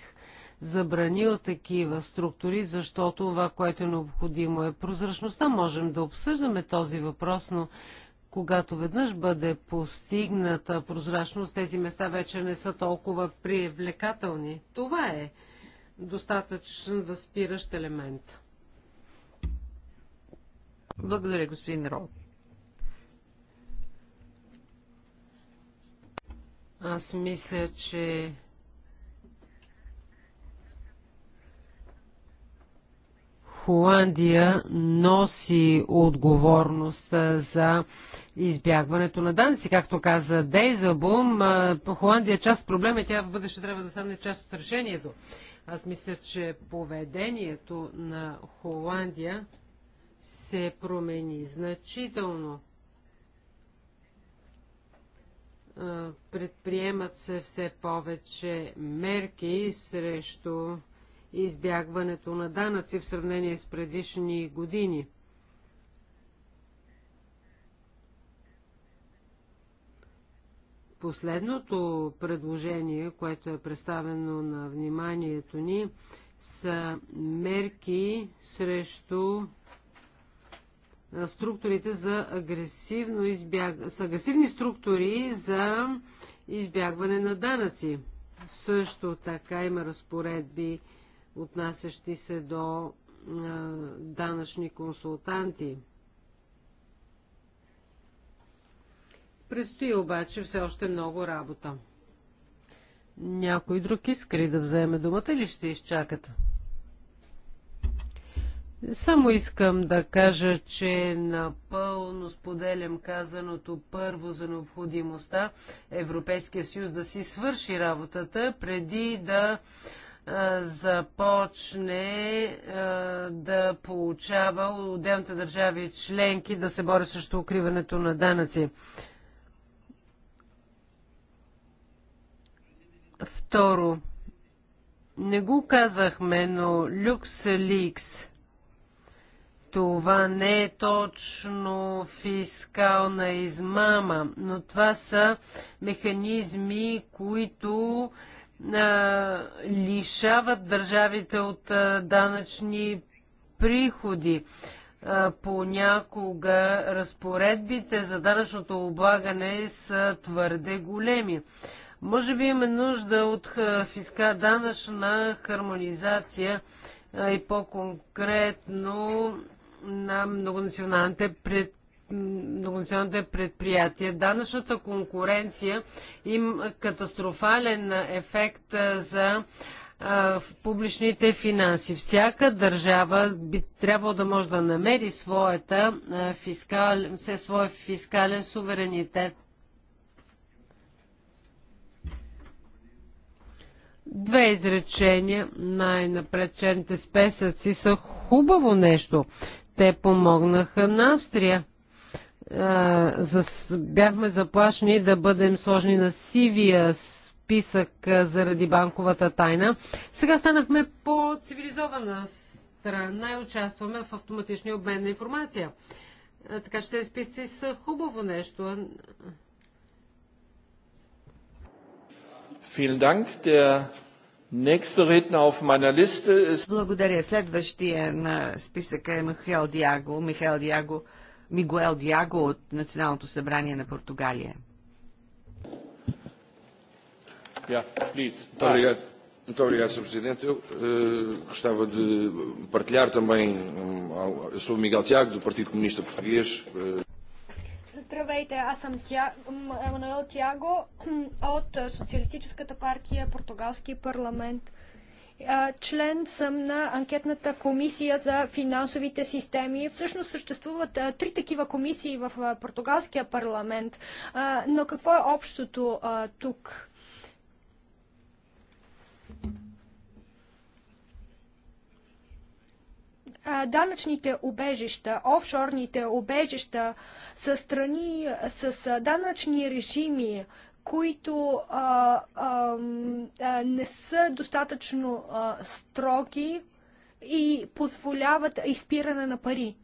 забранил такива структури, защото това, което е необходимо е прозрачността. Можем да обсъждаме този въпрос, но когато веднъж бъде постигната прозрачност, тези места вече не са толкова привлекателни. Това е достатъчен възпиращ елемент. Благодаря, господин Рол. Аз мисля, че Холандия носи отговорност за избягването на данци, Както каза Дейзабум, Холандия е част от проблема и тя в бъдеще трябва да стане част от решението. Аз мисля, че поведението на Холандия се промени значително. Предприемат се все повече мерки срещу избягването на данъци в сравнение с предишни години. Последното предложение, което е представено на вниманието ни, са мерки срещу структурите за агресивно избяг... агресивни структури за избягване на данъци. Също така има разпоредби отнасящи се до данъчни консултанти. Предстои обаче все още много работа. Някой друг искри да вземе думата или ще изчакат? Само искам да кажа, че напълно споделям казаното първо за необходимостта Европейския съюз да си свърши работата преди да започне да получава отделните държави членки да се бори срещу укриването на данъци. Второ, не го казахме, но LuxLeaks това не е точно фискална измама, но това са механизми, които лишават държавите от данъчни приходи. Понякога разпоредбите за данъчното облагане са твърде големи. Може би има нужда от фиска данъчна хармонизация и по-конкретно на многонационалните предприятия многонационалните предприятия. Данъчната конкуренция има катастрофален ефект за в публичните финанси. Всяка държава би трябвало да може да намери своята фискал, все своя фискален суверенитет. Две изречения най-напред черните спесъци са хубаво нещо. Те помогнаха на Австрия бяхме заплашени да бъдем сложни на сивия списък заради банковата тайна. Сега станахме по-цивилизована страна и участваме в автоматичния обмен на информация. Така че тези списъци са хубаво нещо. Благодаря. Следващия на списъка е Михаил Диаго. Михаил Диаго Мигуел Диаго от Националното събрание на Португалия. Yeah, please. Muito obrigado, Sr. Presidente. Eu uh, gostava de partilhar também. Um, eu sou Miguel Tiago, do Partido Comunista Português. Eh. Здравейте, аз съм Емануел Тиаго от Социалистическата партия, Португалски парламент член съм на анкетната комисия за финансовите системи. Всъщност съществуват три такива комисии в португалския парламент. Но какво е общото тук? данъчните обежища, офшорните обежища са страни с данъчни режими, които а, а, а, не са достатъчно а, строги и позволяват изпиране на пари.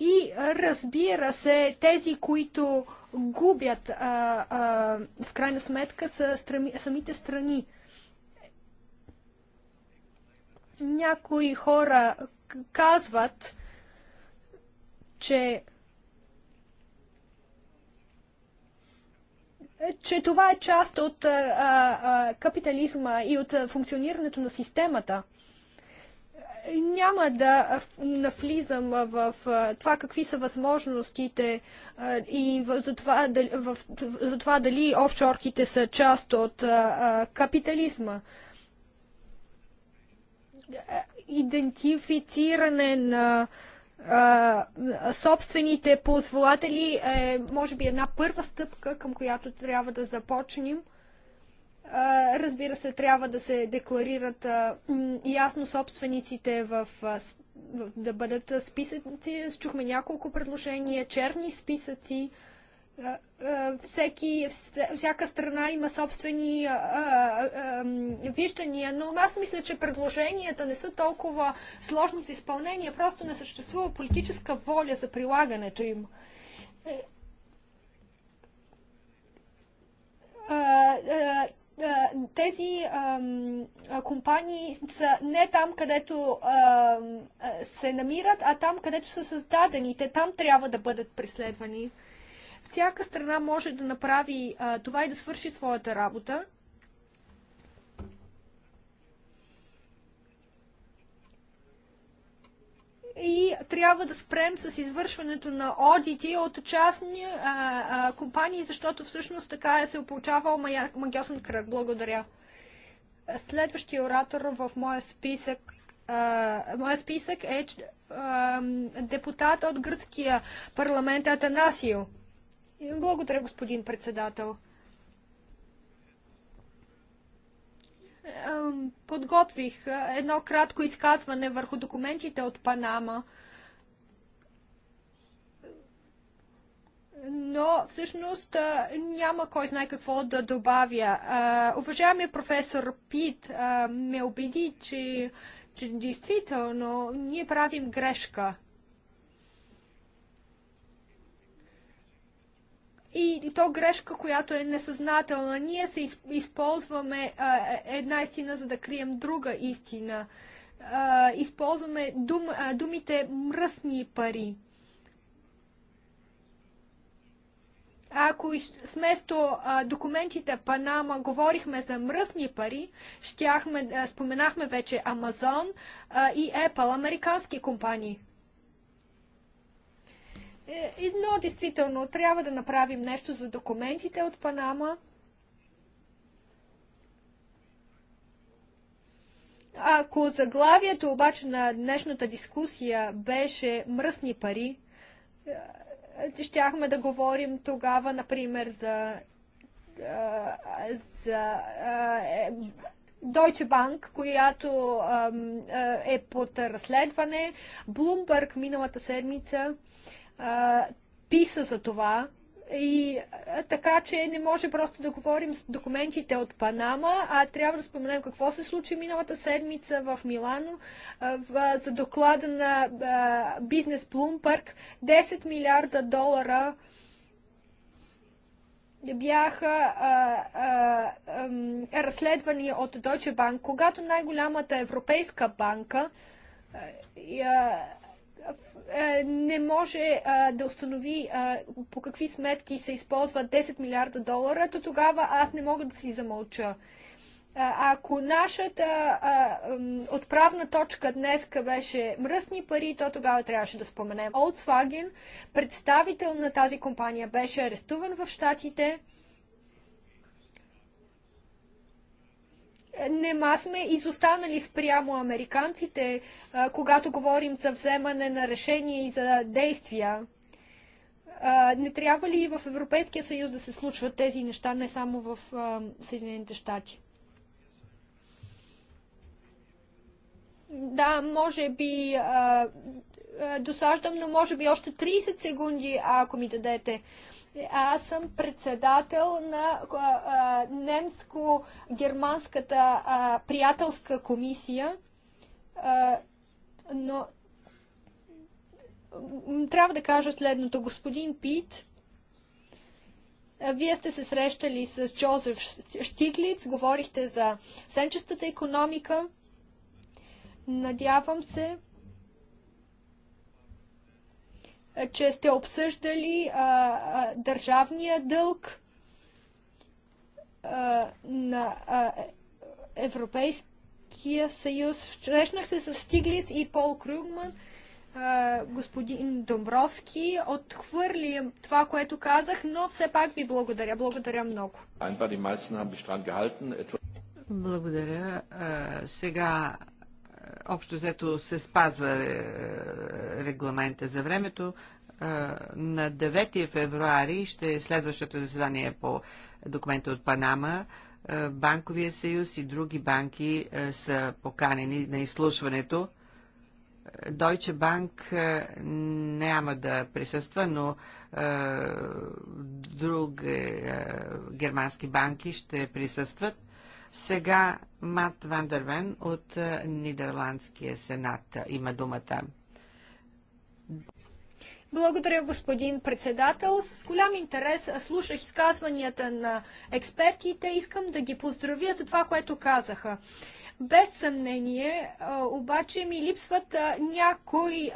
И разбира се, тези, които губят, а, а, в крайна сметка, са страми, самите страни. Някои хора казват, че Е, че това е част от а, е, а, е, капитализма и от функционирането на системата. Няма да навлизам в това какви са възможностите и за това, дали, в, за това дали офшорките са част от капитализма идентифициране на собствените ползватели е, може би, една първа стъпка, към която трябва да започнем. разбира се, трябва да се декларират ясно собствениците в, в да бъдат списъци. Чухме няколко предложения, черни списъци. Е, е, всеки, всяка страна има собствени а, а, а, виждания, но аз мисля, че предложенията не са толкова сложни за изпълнение, просто не съществува политическа воля за прилагането им. Е, тези компании са не там, където се намират, а там, където са създадени. Те там трябва да бъдат преследвани. Всяка страна може да направи а, това и да свърши своята работа. И трябва да спрем с извършването на одити от частни а, а, компании, защото всъщност така е се получавал магиосен кръг. Благодаря. Следващия оратор в моя списък Моя списък е депутат от гръцкия парламент Атанасио. Благодаря, господин председател. Подготвих едно кратко изказване върху документите от Панама. но всъщност няма кой знае какво да добавя. Уважаемият професор Пит ме убеди, че, че действително ние правим грешка. и то грешка, която е несъзнателна. Ние се използваме а, е, една истина, за да крием друга истина. А, използваме дум, а, думите мръсни пари. Ако вместо документите Панама говорихме за мръсни пари, щяхме, споменахме вече Амазон и Apple, американски компании едно действително трябва да направим нещо за документите от Панама. Ако заглавието обаче на днешната дискусия беше мръсни пари, е, щяхме да говорим тогава, например, за, е, за е, Deutsche Bank, която е под разследване, Bloomberg миналата седмица а, писа за това. И а, така, че не може просто да говорим с документите от Панама, а трябва да споменем какво се случи миналата седмица в Милано а, в, за доклада на а, бизнес Плумпърк. 10 милиарда долара бяха а, а, а, разследвани от Deutsche Bank, когато най-голямата европейска банка а, а, е, не може е, да установи е, по какви сметки се използват 10 милиарда долара, то тогава аз не мога да си замълча. Ако нашата а, отправна точка днеска беше мръсни пари, то тогава трябваше да споменем. Олдсваген, представител на тази компания, беше арестуван в Штатите Нема сме изостанали спрямо американците, когато говорим за вземане на решения и за действия. Не трябва ли и в Европейския съюз да се случват тези неща, не само в Съединените щати? Да, може би досаждам, но може би още 30 секунди, ако ми дадете. Е, аз съм председател на немско-германската приятелска комисия, а, но трябва да кажа следното. Господин Пит, вие сте се срещали с Джозеф Штиглиц, говорихте за сенчестата економика. Надявам се, че сте обсъждали а, а, държавния дълг а, на а, Европейския съюз. Срещнах се с Стиглиц и Пол Кругман. А, господин Домбровски отхвърли това, което казах, но все пак ви благодаря. Благодаря много. Благодаря. А, сега общо взето се спазва е, регламента за времето. Е, на 9 февруари ще е следващото заседание по документа от Панама. Е, Банковия съюз и други банки са поканени на изслушването. Deutsche Bank няма да присъства, но други германски банки ще присъстват сега Мат Вандервен от Нидерландския сенат има думата. Благодаря, господин председател. С голям интерес слушах изказванията на експертите. Искам да ги поздравя за това, което казаха. Без съмнение, обаче ми липсват някои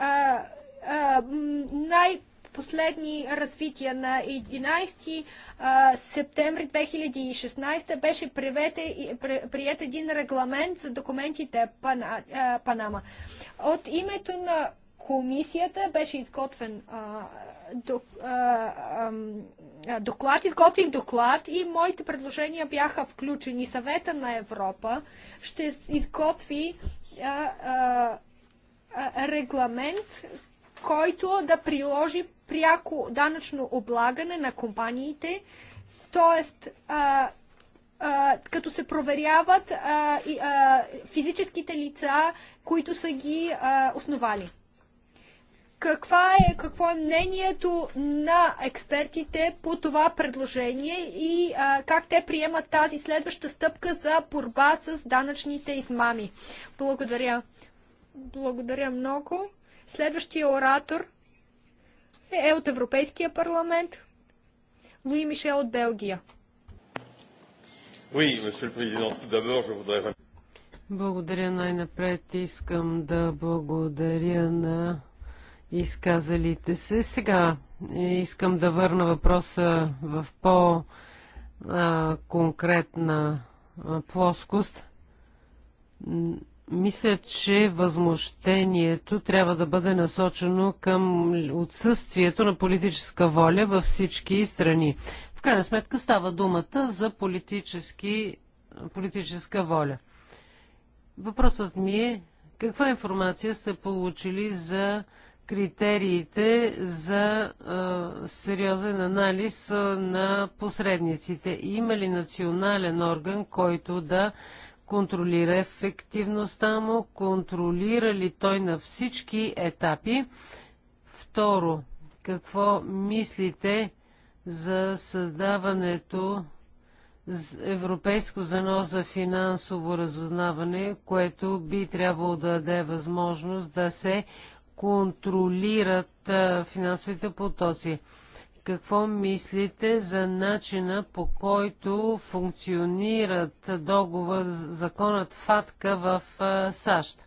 най- последни развития. На 11 септември 2016 беше прият един регламент за документите Панама. От името на комисията беше изготвен доклад, изготвих доклад и моите предложения бяха включени. Съвета на Европа ще изготви регламент, който да приложи пряко данъчно облагане на компаниите, т.е. като се проверяват а, и, а, физическите лица, които са ги а, основали. Каква е, какво е мнението на експертите по това предложение и а, как те приемат тази следваща стъпка за борба с данъчните измами? Благодаря. Благодаря много. Следващия оратор – е от Европейския парламент Луи Мишел от Белгия. Oui, Благодаря най-напред. Искам да благодаря на изказалите се. Сега е, искам да върна въпроса в по-конкретна плоскост. Мисля, че възмущението трябва да бъде насочено към отсъствието на политическа воля във всички страни. В крайна сметка става думата за политически, политическа воля. Въпросът ми е каква информация сте получили за критериите за а, сериозен анализ на посредниците? Има ли национален орган, който да контролира ефективността му, контролира ли той на всички етапи. Второ, какво мислите за създаването Европейско звено за финансово разузнаване, което би трябвало да даде възможност да се контролират финансовите потоци какво мислите за начина по който функционират договор, законът ФАТКА в САЩ?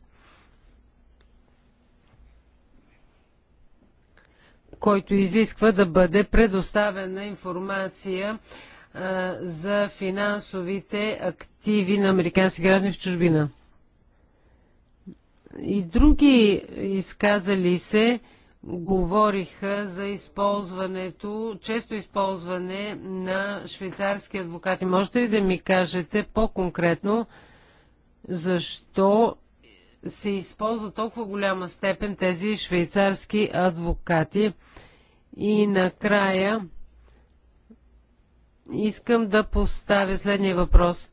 който изисква да бъде предоставена информация а, за финансовите активи на американски граждани в чужбина. И други изказали се говориха за използването, често използване на швейцарски адвокати. Можете ли да ми кажете по-конкретно защо се използва толкова голяма степен тези швейцарски адвокати? И накрая искам да поставя следния въпрос.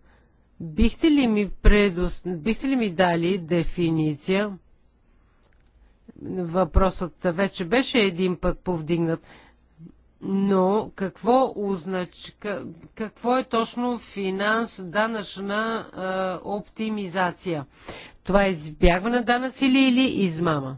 Бихте ли ми, предост... Бихте ли ми дали дефиниция? Въпросът вече беше един път повдигнат. Но какво, означ... какво е точно финанс данъчна а, оптимизация? Това е избягване данъци или, или измама?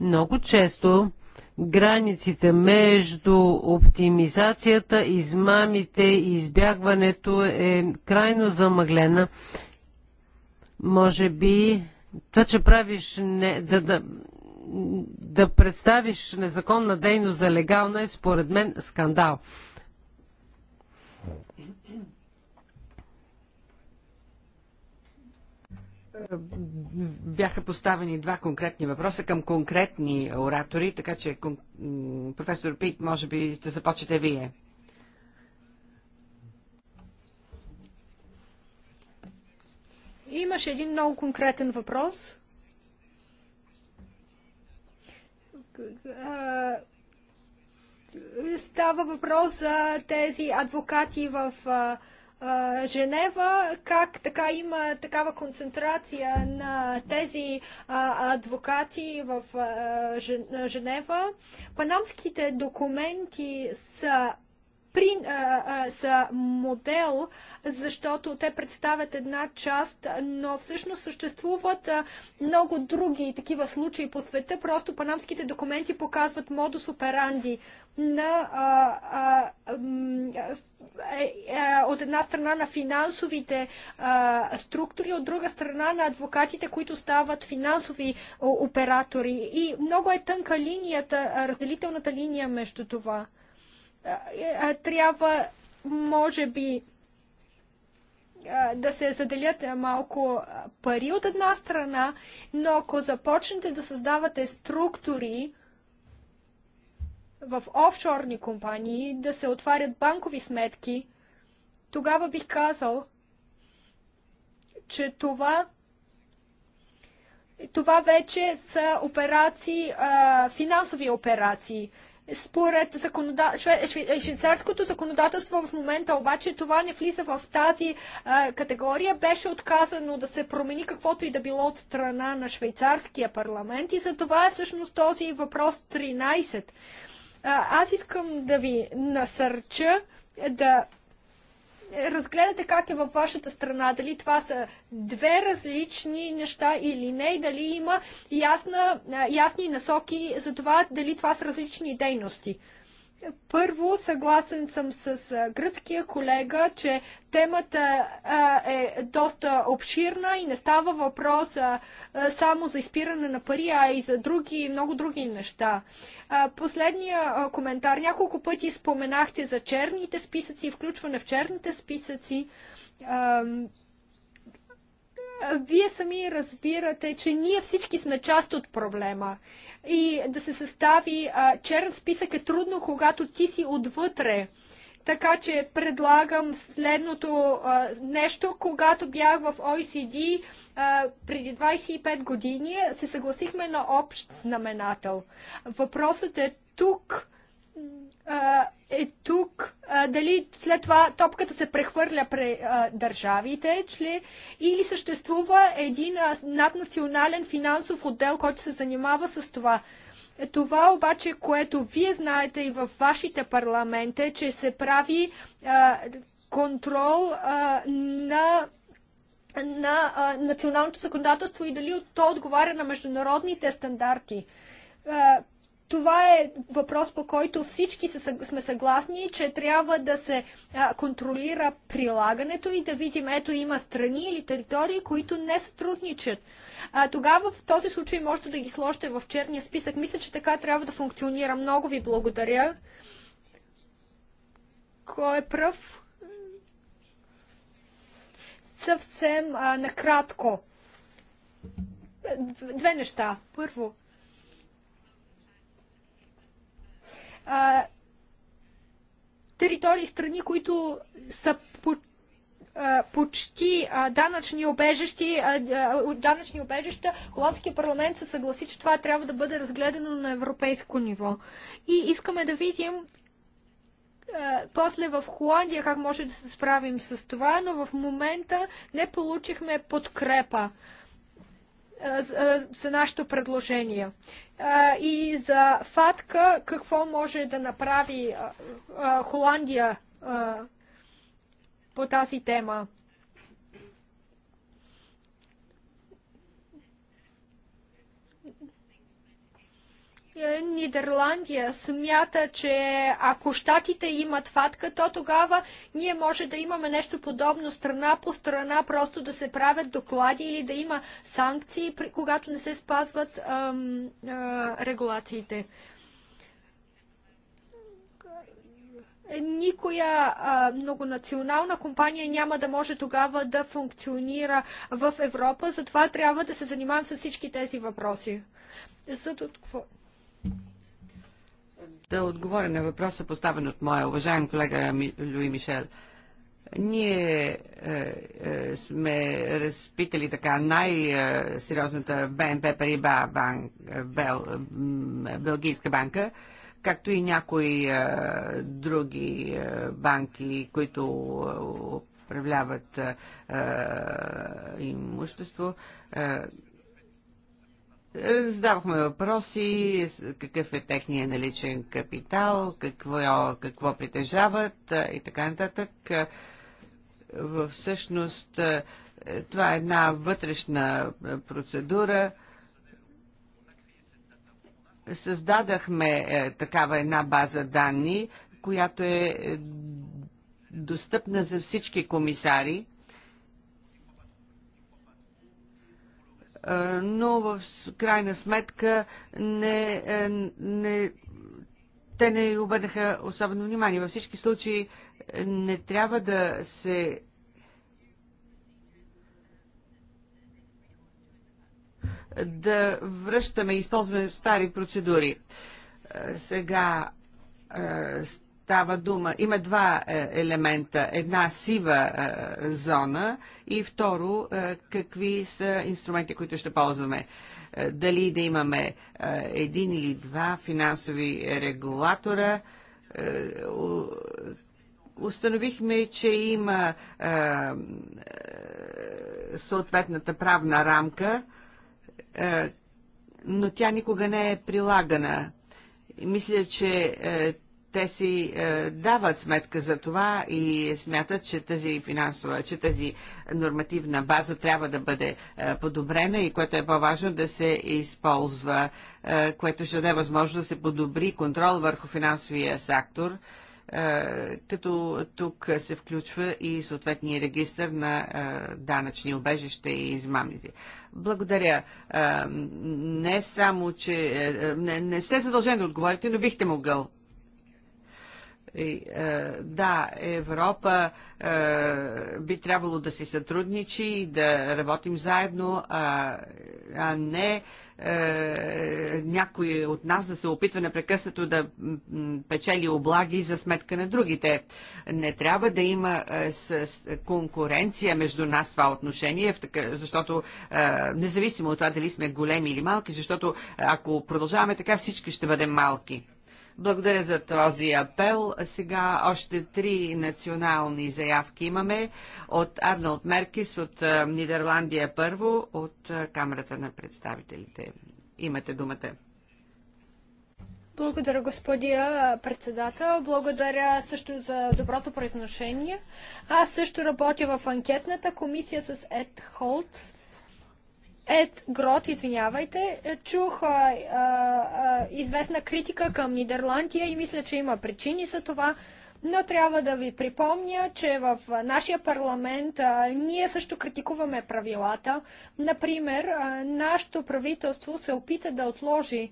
Много често границите между оптимизацията, измамите и избягването е крайно замъглена. Може би това, че правиш не, да, да, да представиш незаконна дейност за легална е според мен скандал. Бяха поставени два конкретни въпроса към конкретни оратори, така че професор Пит, може би ще започнете вие. Имаше един много конкретен въпрос. Става въпрос за тези адвокати в Женева, как така има такава концентрация на тези адвокати в Женева. Панамските документи са при, а, а, са модел, защото те представят една част, но всъщност съществуват а, много други такива случаи по света. Просто панамските документи показват модус операнди на а, а, а, е, е, от една страна на финансовите а, структури, от друга страна на адвокатите, които стават финансови оператори. И много е тънка линията, разделителната линия между това трябва, може би, да се заделят малко пари от една страна, но ако започнете да създавате структури в офшорни компании, да се отварят банкови сметки, тогава бих казал, че това това вече са операции, финансови операции. Според законода... Е, швейцарското законодателство в момента обаче това не влиза в тази а, е, категория. Беше отказано да се промени каквото и да било от страна на швейцарския парламент и за това е всъщност този въпрос 13. А, е, аз искам да ви насърча да разгледате как е във вашата страна, дали това са две различни неща или не, дали има ясна, ясни насоки за това, дали това са различни дейности. Първо, съгласен съм с гръцкия колега, че темата е доста обширна и не става въпрос само за изпиране на пари, а и за други, много други неща. Последния коментар. Няколко пъти споменахте за черните списъци, включване в черните списъци. Вие сами разбирате, че ние всички сме част от проблема и да се състави а, черен списък е трудно, когато ти си отвътре. Така че предлагам следното а, нещо. Когато бях в OECD а, преди 25 години, се съгласихме на общ знаменател. Въпросът е тук е тук, дали след това топката се прехвърля при държавите, чли, или съществува един наднационален финансов отдел, който се занимава с това. Това обаче, което вие знаете и в вашите парламенти, е, че се прави а, контрол а, на на а, националното законодателство и дали то отговаря на международните стандарти. А, това е въпрос, по който всички сме съгласни, че трябва да се контролира прилагането и да видим, ето има страни или територии, които не сътрудничат. А, тогава в този случай можете да ги сложите в черния списък. Мисля, че така трябва да функционира. Много ви благодаря. Кой е пръв? Съвсем а, накратко. Две неща. Първо, а, територии, страни, които са по, а, почти а, данъчни, обежещи, а, данъчни обежища, Холандския парламент се съгласи, че това трябва да бъде разгледано на европейско ниво. И искаме да видим после в Холандия как може да се справим с това, но в момента не получихме подкрепа за нашето предложение. И за ФАТКА какво може да направи Холандия по тази тема. Нидерландия смята, че ако щатите имат фатка, то тогава ние може да имаме нещо подобно страна по страна, просто да се правят доклади или да има санкции, когато не се спазват ам, а, регулациите. никоя а, многонационална компания няма да може тогава да функционира в Европа, затова трябва да се занимавам с всички тези въпроси. За какво? Да отговоря на въпроса, поставен от моя уважаем колега Луи Мишел. Ние е, е, сме разпитали така най-сериозната БНП Париба банк, Бел, Белгийска банка, както и някои е, други е, банки, които е, управляват е, е, имущество. Е, е, задавахме въпроси, какъв е техния наличен капитал, какво, какво притежават е, и така нататък. Е, Всъщност това е една вътрешна процедура. Създадахме такава една база данни, която е достъпна за всички комисари но в крайна сметка не, е, не, те не обърнаха особено внимание. Във всички случаи е, не трябва да се да връщаме и използваме стари процедури. Е, сега става дума. Има два е, елемента. Една сива е, зона и второ, е, какви са инструменти, които ще ползваме дали да имаме един или два финансови регулатора. Установихме, че има съответната правна рамка, но тя никога не е прилагана. Мисля, че те си е, дават сметка за това и смятат, че тази финансова, че тази нормативна база трябва да бъде е, подобрена и което е по-важно да се използва, е, което ще даде възможност да се подобри контрол върху финансовия сектор, е, като тук се включва и съответния регистр на е, данъчни обежища и измамници. Благодаря. Е, не само, че е, е, не, не сте задължени да отговорите, но бихте могъл е, да, Европа е, би трябвало да си сътрудничи и да работим заедно, а не е, някой от нас да се опитва непрекъснато да печели облаги за сметка на другите. Не трябва да има конкуренция между нас това отношение, защото независимо от това дали сме големи или малки, защото ако продължаваме така, всички ще бъдем малки. Благодаря за този апел. Сега още три национални заявки имаме от Арнолд Меркис от Нидерландия първо, от Камерата на представителите. Имате думата. Благодаря, господия председател. Благодаря също за доброто произношение. Аз също работя в анкетната комисия с Ед Холц Ед Грот, извинявайте, е, чух а, а, известна критика към Нидерландия и мисля, че има причини за това. Но трябва да ви припомня, че в нашия парламент а, ние също критикуваме правилата. Например, а, нашето правителство се опита да отложи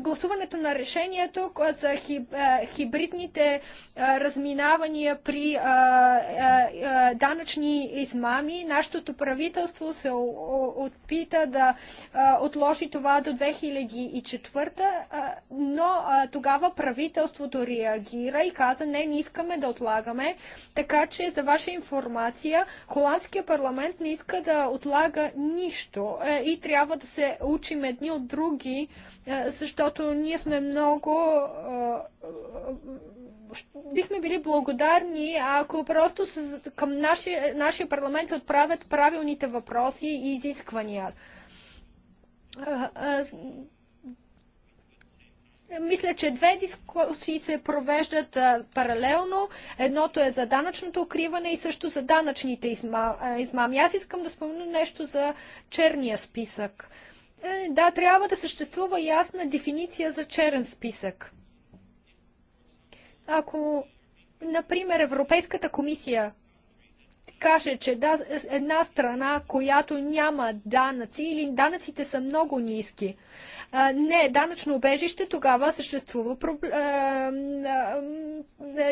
гласуването на решението за хибридните разминавания при данъчни измами. Нашето правителство се опита да отложи това до 2004, но тогава правителството реагира и каза, не, не искаме да отлагаме. Така че, за ваша информация, Холандския парламент не иска да отлага нищо е, и трябва да се учи учим едни от други, е, защото ние сме много е, е, бихме били благодарни, ако просто към нашия, нашия парламент се отправят правилните въпроси и изисквания. Мисля, че две дискусии се провеждат а, паралелно. Едното е за данъчното укриване и също за данъчните измами. Аз искам да спомена нещо за черния списък. А, е, да, трябва да съществува ясна дефиниция за черен списък. Ако, например, Европейската комисия каже, че да, една страна, която няма данъци или данъците са много ниски, не, данъчно убежище, тогава съществува. Проб...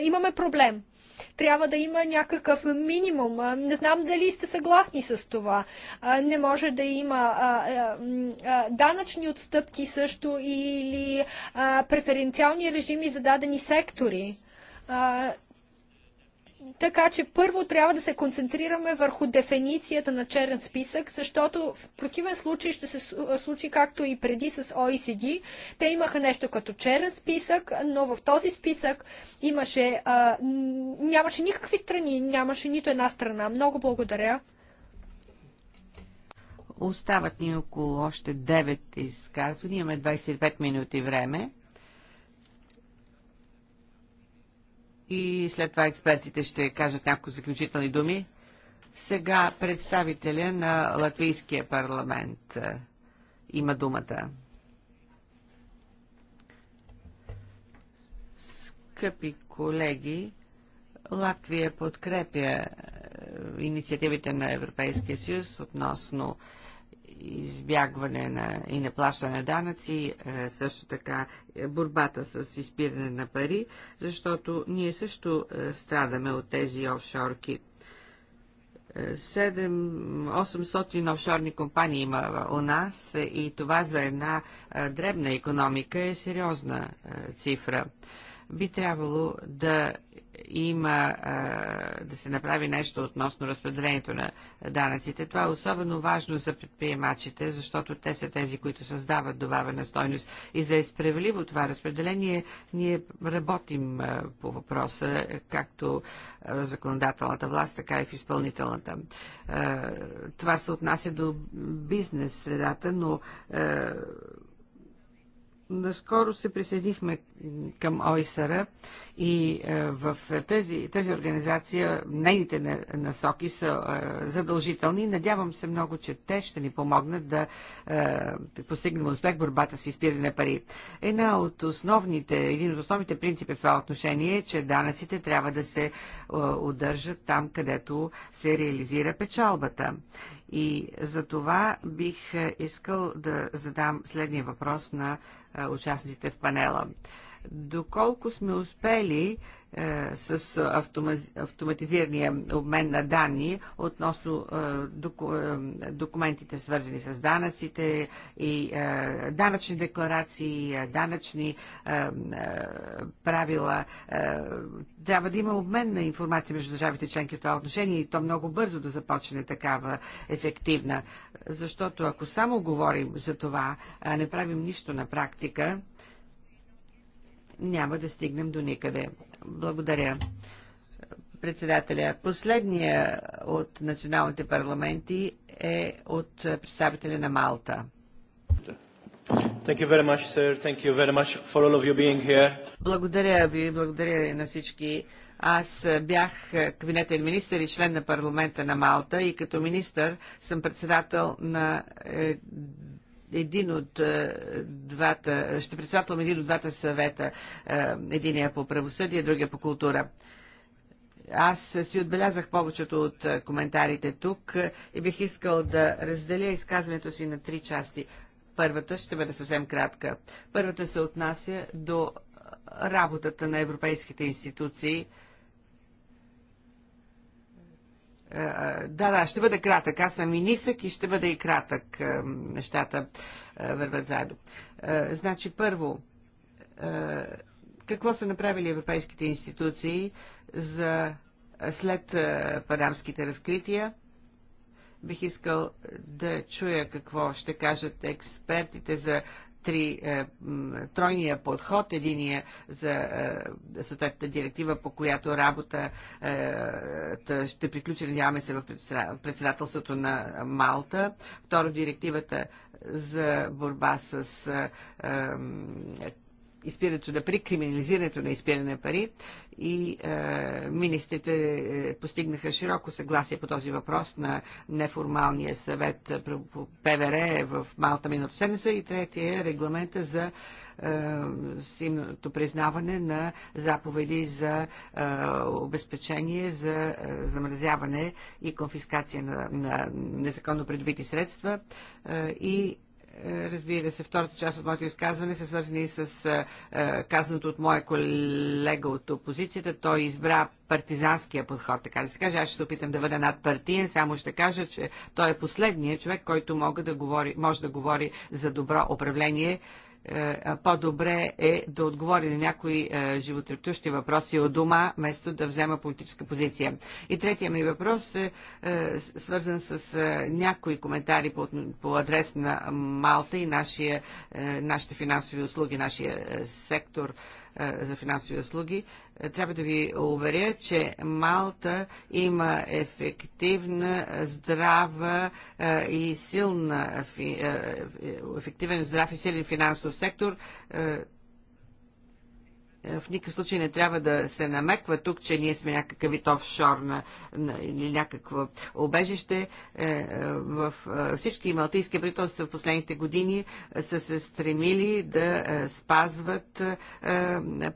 имаме проблем. Трябва да има някакъв минимум. Не знам дали сте съгласни с това. Не може да има данъчни отстъпки също или преференциални режими за дадени сектори така че първо трябва да се концентрираме върху дефиницията на черен списък, защото в противен случай ще се случи както и преди с OECD. Те имаха нещо като черен списък, но в този списък имаше, а, нямаше никакви страни, нямаше нито една страна. Много благодаря. Остават ни около още 9 изказвания. Имаме 25 минути време. и след това експертите ще кажат някои заключителни думи. Сега представителя на Латвийския парламент е, има думата. Скъпи колеги, Латвия подкрепя е, инициативите на Европейския съюз относно избягване на, и неплащане на данъци, е, също така е, борбата с изпиране на пари, защото ние също е, страдаме от тези офшорки. 800 офшорни компании има у нас и това за една дребна економика е сериозна цифра. Би трябвало да има да се направи нещо относно разпределението на данъците. Това е особено важно за предприемачите, защото те са тези, които създават добавена стойност. И за да това разпределение, ние работим по въпроса, както в законодателната власт, така и в изпълнителната. Това се отнася до бизнес средата, но Наскоро се присъединихме към ОИСР и е, в тези, тези организация нейните насоки са е, задължителни. Надявам се много, че те ще ни помогнат да е, постигнем успех борбата с изпиране на пари. Една от основните, един от основните принципи в това отношение е, че данъците трябва да се удържат там, където се реализира печалбата. И за това бих искал да задам следния въпрос на участниците в панела. Доколко сме успели е, с автоматизирания обмен на данни относно е, е, документите свързани с данъците и данъчни декларации, данъчни правила. Трябва да има обмен на информация между държавите членки в това отношение и то много бързо да започне такава ефективна. Защото ако само говорим за това, а не правим нищо на практика, няма да стигнем до никъде. Благодаря. Председателя. Последния от националните парламенти е от представителя на Малта. Thank you very much, sir. Thank you very much for all of you being here. Благодаря ви, благодаря на всички. Аз бях кабинетен министър и член на парламента на Малта и като министър съм председател на един от е, двата, ще председателам един от двата съвета, е, единия по правосъдие, другия по култура. Аз си отбелязах повечето от е, коментарите тук и бих искал да разделя изказването си на три части. Първата ще бъде съвсем кратка. Първата се отнася до работата на европейските институции – е, е, да, да, ще бъда кратък. Аз съм и нисък и ще бъда и кратък. Е, нещата върват заедно. Значи, първо, какво са направили европейските институции за след падамските разкрития? Бих искал да чуя какво ще кажат експертите за три, е, тройния подход. Единия е за е, съответната директива, по която работа ще приключи, надяваме се, в председателството на Малта. Второ, директивата за борба с изпирането на пари, криминализирането на изпиране на пари и е, министрите е, постигнаха широко съгласие по този въпрос на неформалния съвет по ПВР в Малта миналата седмица и третия е регламента за симното е, признаване на заповеди за е, обезпечение, за замразяване и конфискация на, на незаконно придобити средства и Разбира се, втората част от моето изказване са свързани с казаното от моя колега от опозицията. Той избра партизанския подход, така да се каже. Аз ще се опитам да бъда надпартиен, само ще кажа, че той е последният човек, който мога да говори, може да говори за добро управление е, по-добре е да отговори на някои е, животрептущи въпроси от дома, вместо да взема политическа позиция. И третия ми въпрос е, е свързан с някои коментари по, по адрес на Малта и нашия, нашите финансови услуги, нашия сектор. Е, за финансови услуги, е, трябва да ви уверя, че Малта има ефективна, здрава е, и силна, ефективен, здрав и силен финансов сектор. Е, в никакъв случай не трябва да се намеква тук, че ние сме някакъв вид офшор на, на, или някакво обежище. Е, е, в всички малтийски правителства в последните години са се стремили да спазват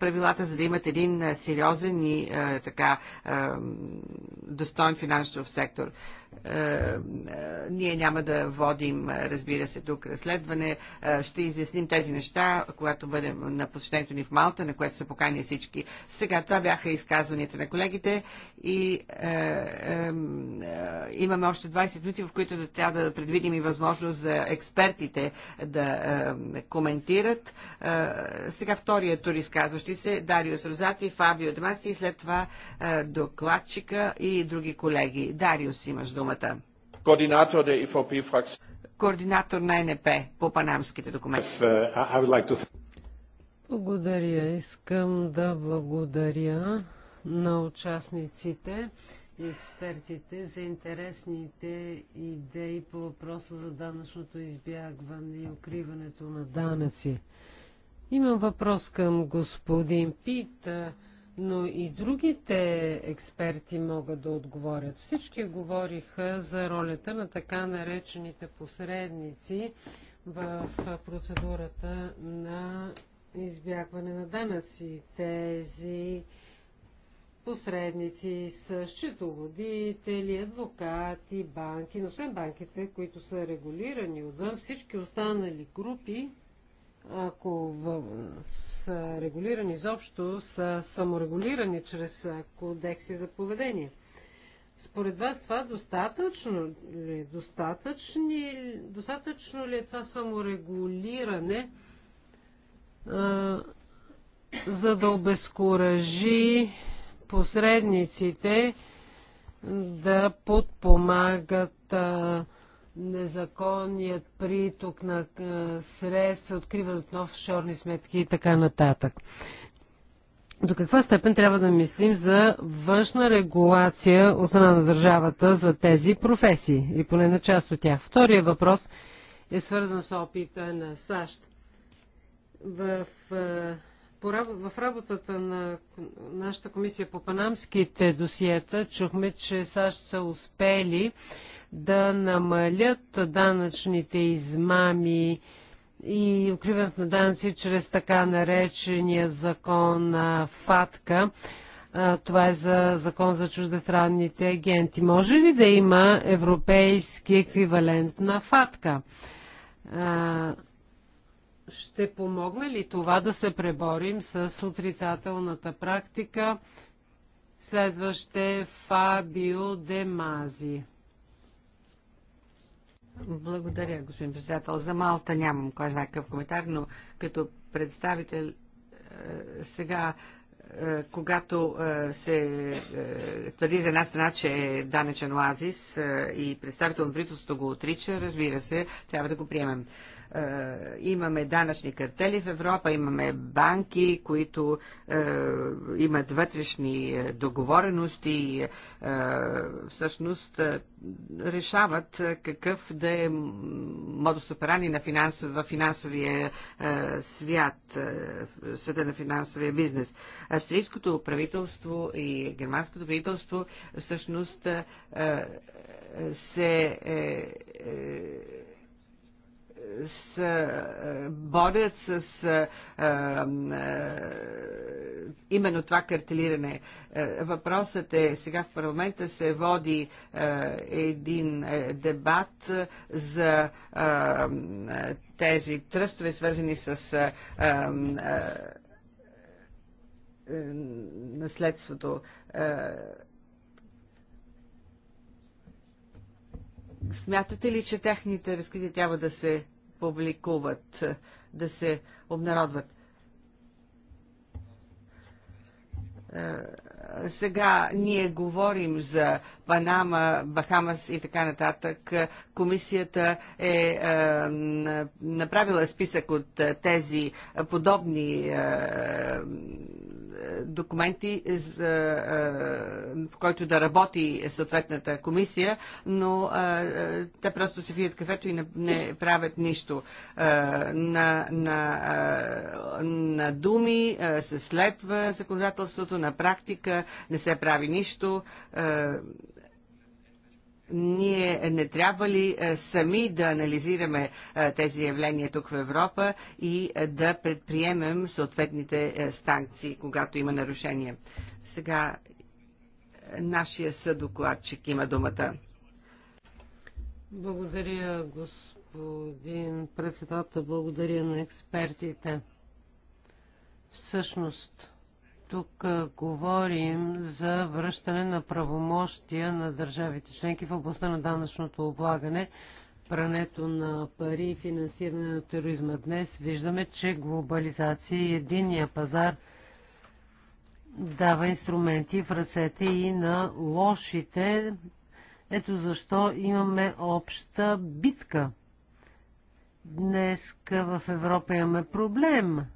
правилата, за да имат един сериозен и така достоен финансов сектор. Е, е, ние няма да водим, е, разбира се, тук разследване. Ще изясним тези неща, когато бъдем на посещението ни в Малта, на което са покани всички. Сега това бяха изказванията на колегите и имаме още 20 минути, в които да трябва да предвидим и възможност за експертите да коментират. сега втория тур изказващи се Дариус Розати, Фабио Демасти и след това докладчика и други колеги. Дариус имаш да думата. Координатор на фракция. Координатор на НП по панамските документи. Е, благодаря. Искам да благодаря на участниците и експертите за интересните идеи по въпроса за данъчното избягване и укриването на данъци. Имам въпрос към господин Пит но и другите експерти могат да отговорят. Всички говориха за ролята на така наречените посредници в процедурата на избягване на данъци. Тези посредници са счетоводители, адвокати, банки, но освен банките, които са регулирани отвън, всички останали групи ако в, са регулирани изобщо, са саморегулирани чрез кодекси за поведение. Според вас това достатъчно ли, достатъчни, достатъчно ли е това саморегулиране, а, за да обезкуражи посредниците да подпомагат а, незаконният приток на средства, от нов шорни сметки и така нататък. До каква степен трябва да мислим за външна регулация от страна на държавата за тези професии или поне на част от тях? Втория въпрос е свързан с опита на САЩ. В, в работата на нашата комисия по панамските досиета чухме, че САЩ са успели да намалят данъчните измами и укриването на данъци чрез така наречения закон ФАТКА. Това е за закон за чуждестранните агенти. Може ли да има европейски еквивалент на ФАТКА? Ще помогне ли това да се преборим с отрицателната практика? Следващ е Фабио Демази. Благодаря, господин председател. За Малта нямам кой знае какъв коментар, но като представител е, сега е, когато е, се твърди за една страна, че е данечен оазис и представител на правителството го отрича, разбира се, трябва да го приемем. Е, имаме данъчни картели в Европа, имаме банки, които е, имат вътрешни е, договорености и всъщност решават какъв да е модус операни на финансов, във финансовия свят, света на финансовия бизнес. Австрийското правителство и германското правителство всъщност се е, е, с, е, борят с е, е, именно това картелиране. Въпросът е, сега в парламента се води един дебат за тези тръстове, свързани с наследството. Смятате ли, че техните разкрития трябва да се публикуват, е, да се обнародват. Е, сега ние говорим за Панама, Бахамас и така нататък. Комисията е, е направила списък от е, тези подобни е, документи, за, по е, който да работи съответната комисия, но е, е, те просто се вият кафето и не, не правят нищо. На, на, на думи се следва законодателството, на практика не се прави нищо ние не трябва ли е, сами да анализираме е, тези явления тук в Европа и е, да предприемем съответните станции, когато има нарушения? Сега нашия съдокладчик има думата. Благодаря, господин председател. Благодаря на експертите. Всъщност, тук говорим за връщане на правомощия на държавите членки в областта на данъчното облагане, прането на пари и финансиране на тероризма. Днес виждаме, че глобализация и единния пазар дава инструменти в ръцете и на лошите. Ето защо имаме обща битка. Днес в Европа имаме проблем –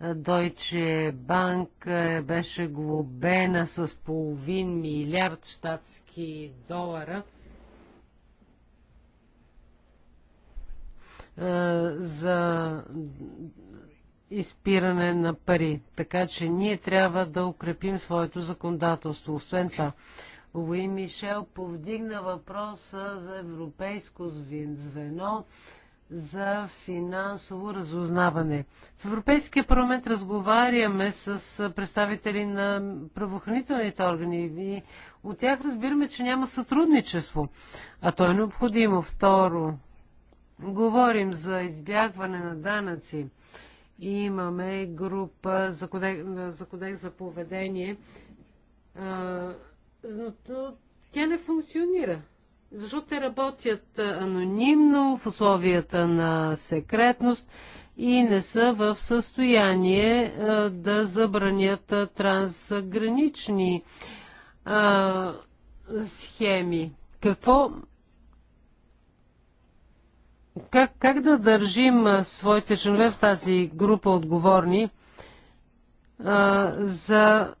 Deutsche Bank е, беше глобена с половин милиард штатски долара е, за изпиране на пари. Така че ние трябва да укрепим своето законодателство. Освен това, Луи Мишел повдигна въпроса за европейско звено за финансово разузнаване. В Европейския парламент разговаряме с представители на правоохранителните органи и от тях разбираме, че няма сътрудничество, а то е необходимо. Второ, говорим за избягване на данъци. имаме група за кодекс за, кодек за поведение, а, но тя не функционира. Защото те работят анонимно в условията на секретност и не са в състояние да забранят трансгранични а, схеми. Какво как, как да държим своите членове в тази група отговорни а, за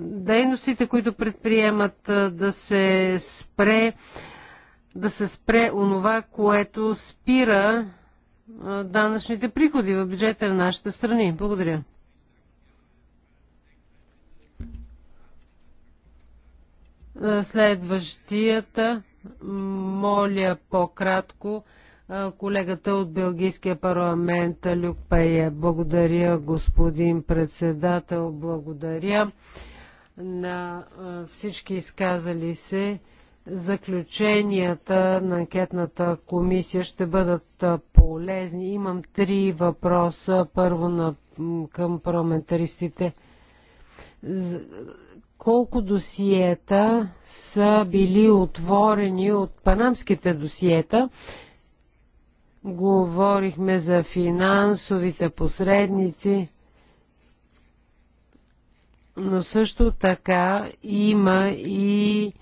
дейностите, които предприемат, да се спре да се спре онова, което спира данъчните приходи в бюджета на нашите страни. Благодаря. Следващията, моля по-кратко колегата от Белгийския парламент Люк Пае. Благодаря, господин председател. Благодаря на всички изказали се. Заключенията на анкетната комисия ще бъдат полезни. Имам три въпроса. Първо на, към парламентаристите. Колко досиета са били отворени от панамските досиета? Говорихме за финансовите посредници, но също така има и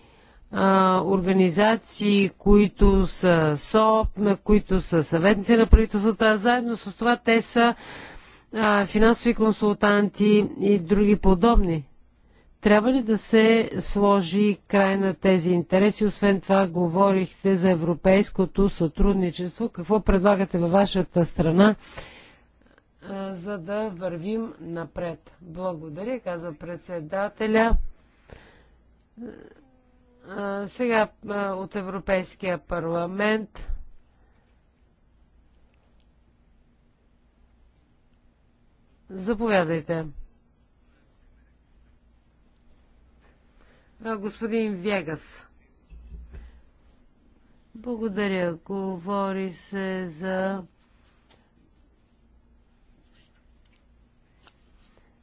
а, организации, които са СОП, които са съветници на правителствата, а заедно с това те са а, финансови консултанти и други подобни. Трябва ли да се сложи край на тези интереси? Освен това, говорихте за европейското сътрудничество. Какво предлагате във вашата страна, за да вървим напред? Благодаря, казва председателя. Сега от Европейския парламент. Заповядайте. Господин Вегас. Благодаря. Говори се за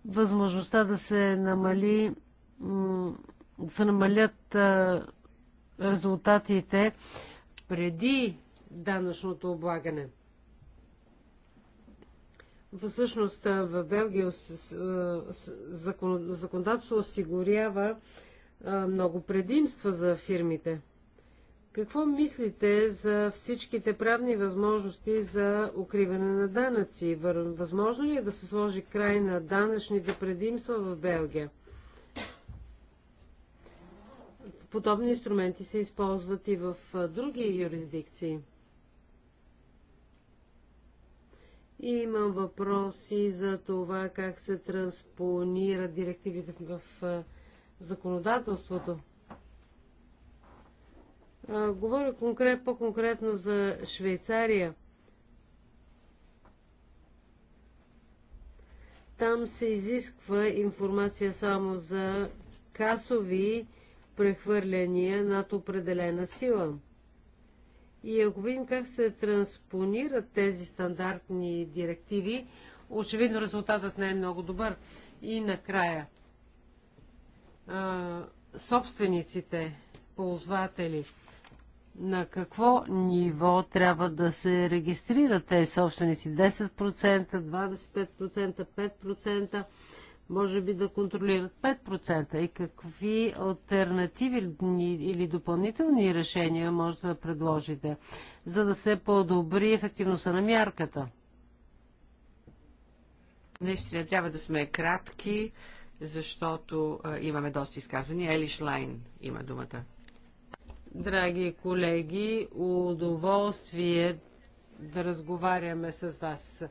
възможността да се намали да се намалят резултатите преди данъчното облагане. Всъщност в Белгия законодателство осигурява много предимства за фирмите. Какво мислите за всичките правни възможности за укриване на данъци? Възможно ли е да се сложи край на данъчните предимства в Белгия? Подобни инструменти се използват и в други юрисдикции. И имам въпроси за това как се транспонират директивите в законодателството. Говоря конкрет, по-конкретно за Швейцария. Там се изисква информация само за касови прехвърляния над определена сила. И ако видим как се транспонират тези стандартни директиви, очевидно резултатът не е много добър. И накрая – собствениците, ползватели. На какво ниво трябва да се регистрират тези собственици? 10%, 25%, 5%? Може би да контролират 5%. И какви альтернативи или допълнителни решения може да предложите, за да се подобри ефективността на мярката? Наистина трябва да сме кратки защото а, имаме доста изказвания. Елиш Лайн има думата. Драги колеги, удоволствие да разговаряме с вас.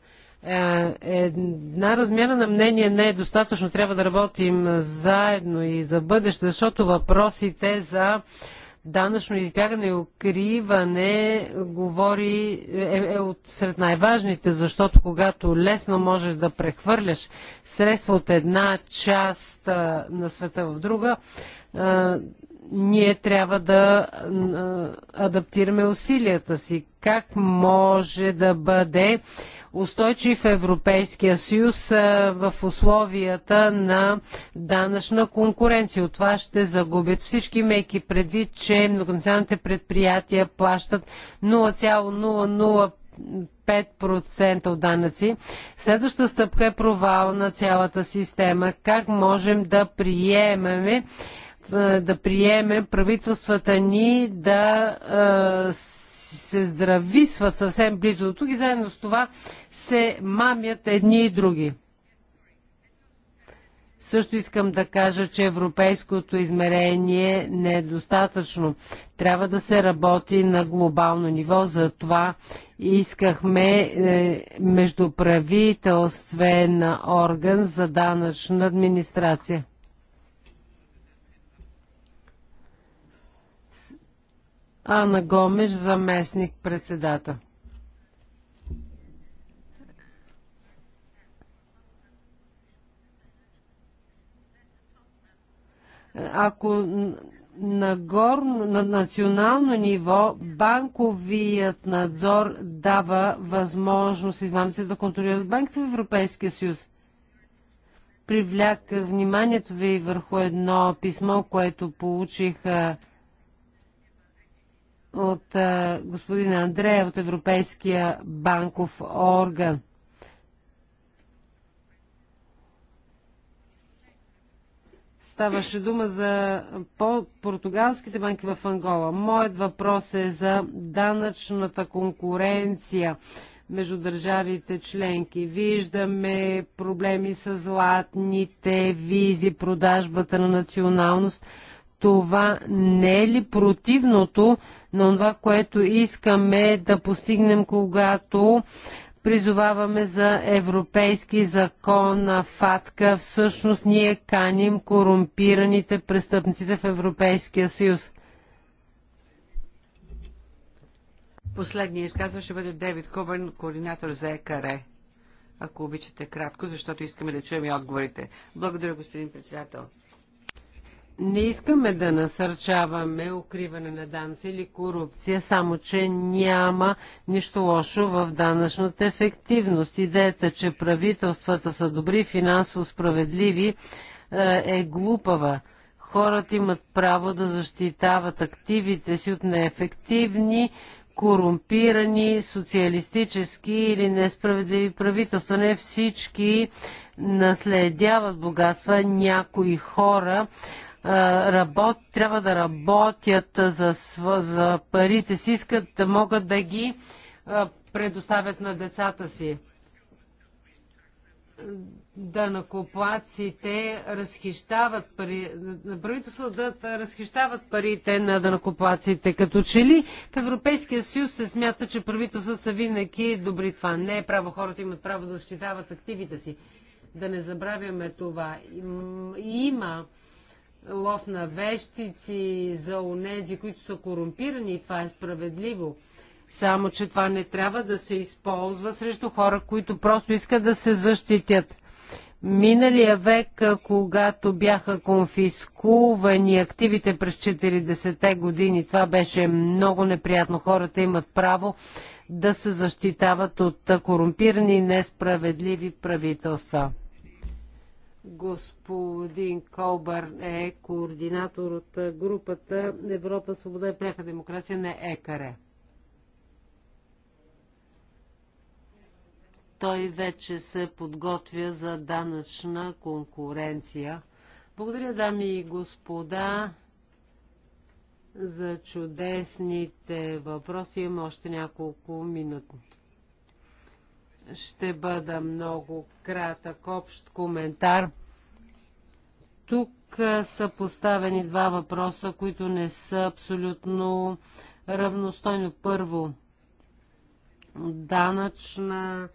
Е, една размяна на мнение не е достатъчно. Трябва да работим заедно и за бъдеще, защото въпросите за данъчно избягане и укриване говори е, е от сред най-важните, защото когато лесно можеш да прехвърляш средства от една част а, на света в друга, а, ние трябва да а, адаптираме усилията си. Как може да бъде устойчив Европейския съюз в условията на данъчна конкуренция. От това ще загубят всички, меки предвид, че многонационалните предприятия плащат 0,005 5% от данъци. Следваща стъпка е провал на цялата система. Как можем да приемеме да приемем правителствата ни да се здрависват съвсем близо до тук и заедно с това се мамят едни и други. Също искам да кажа, че европейското измерение не е достатъчно. Трябва да се работи на глобално ниво. Затова искахме е, междуправителствен орган за данъчна администрация. Ана Гомеш, заместник председател. Ако на, гор, на национално ниво банковият надзор дава възможност се да контролират банките в Европейския съюз. привляка вниманието ви върху едно писмо, което получих от господин Андрея от Европейския банков орган. Ставаше дума за португалските банки в Ангола. Моят въпрос е за данъчната конкуренция между държавите членки. Виждаме проблеми с златните визи, продажбата на националност – това не е ли противното на това, което искаме да постигнем, когато призоваваме за европейски закон на ФАТКА. Всъщност ние каним корумпираните престъпниците в Европейския съюз. Последният изказва ще бъде Девид Кобен, координатор за ЕКАРЕ. Ако обичате кратко, защото искаме да чуем и отговорите. Благодаря, господин председател не искаме да насърчаваме укриване на данци или корупция, само че няма нищо лошо в данъчната ефективност. Идеята, че правителствата са добри, финансово справедливи, е, е глупава. Хората имат право да защитават активите си от неефективни, корумпирани, социалистически или несправедливи правителства. Не всички наследяват богатства, някои хора работ, трябва да работят за, за парите си, искат да могат да ги предоставят на децата си. Да накоплаците разхищават пари, правителството да разхищават парите на данакоплаците. Като че ли в Европейския съюз се смята, че правителството са винаги добри. Това не е право. Хората имат право да защитават активите си. Да не забравяме това. Има лов на вещици за онези, които са корумпирани. Това е справедливо. Само, че това не трябва да се използва срещу хора, които просто искат да се защитят. Миналия век, когато бяха конфискувани активите през 40-те години, това беше много неприятно. Хората имат право да се защитават от корумпирани и несправедливи правителства. Господин Колбър е координатор от групата Европа, свобода и пряха демокрация на ЕКАРЕ. Той вече се подготвя за данъчна конкуренция. Благодаря, дами и господа, за чудесните въпроси. Има още няколко минути. Ще бъда много кратък общ коментар. Тук са поставени два въпроса, които не са абсолютно равностойно. Първо, данъчна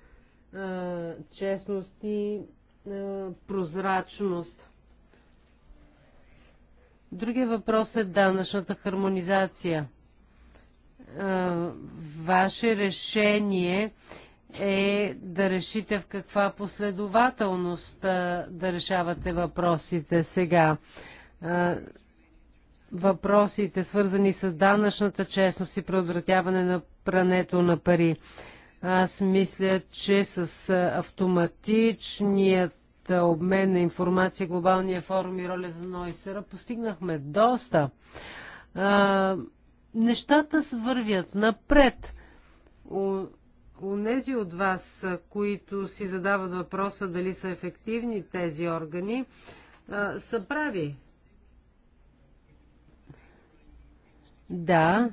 е, честност и е, прозрачност. Другия въпрос е данъчната хармонизация. ваше решение е да решите в каква последователност да решавате въпросите сега. Въпросите, свързани с данъчната честност и предотвратяване на прането на пари. Аз мисля, че с автоматичният обмен на информация, глобалния форум и ролята на ОИСР постигнахме доста. А, нещата свървят напред. Онези от вас, които си задават въпроса дали са ефективни тези органи, са прави. Да.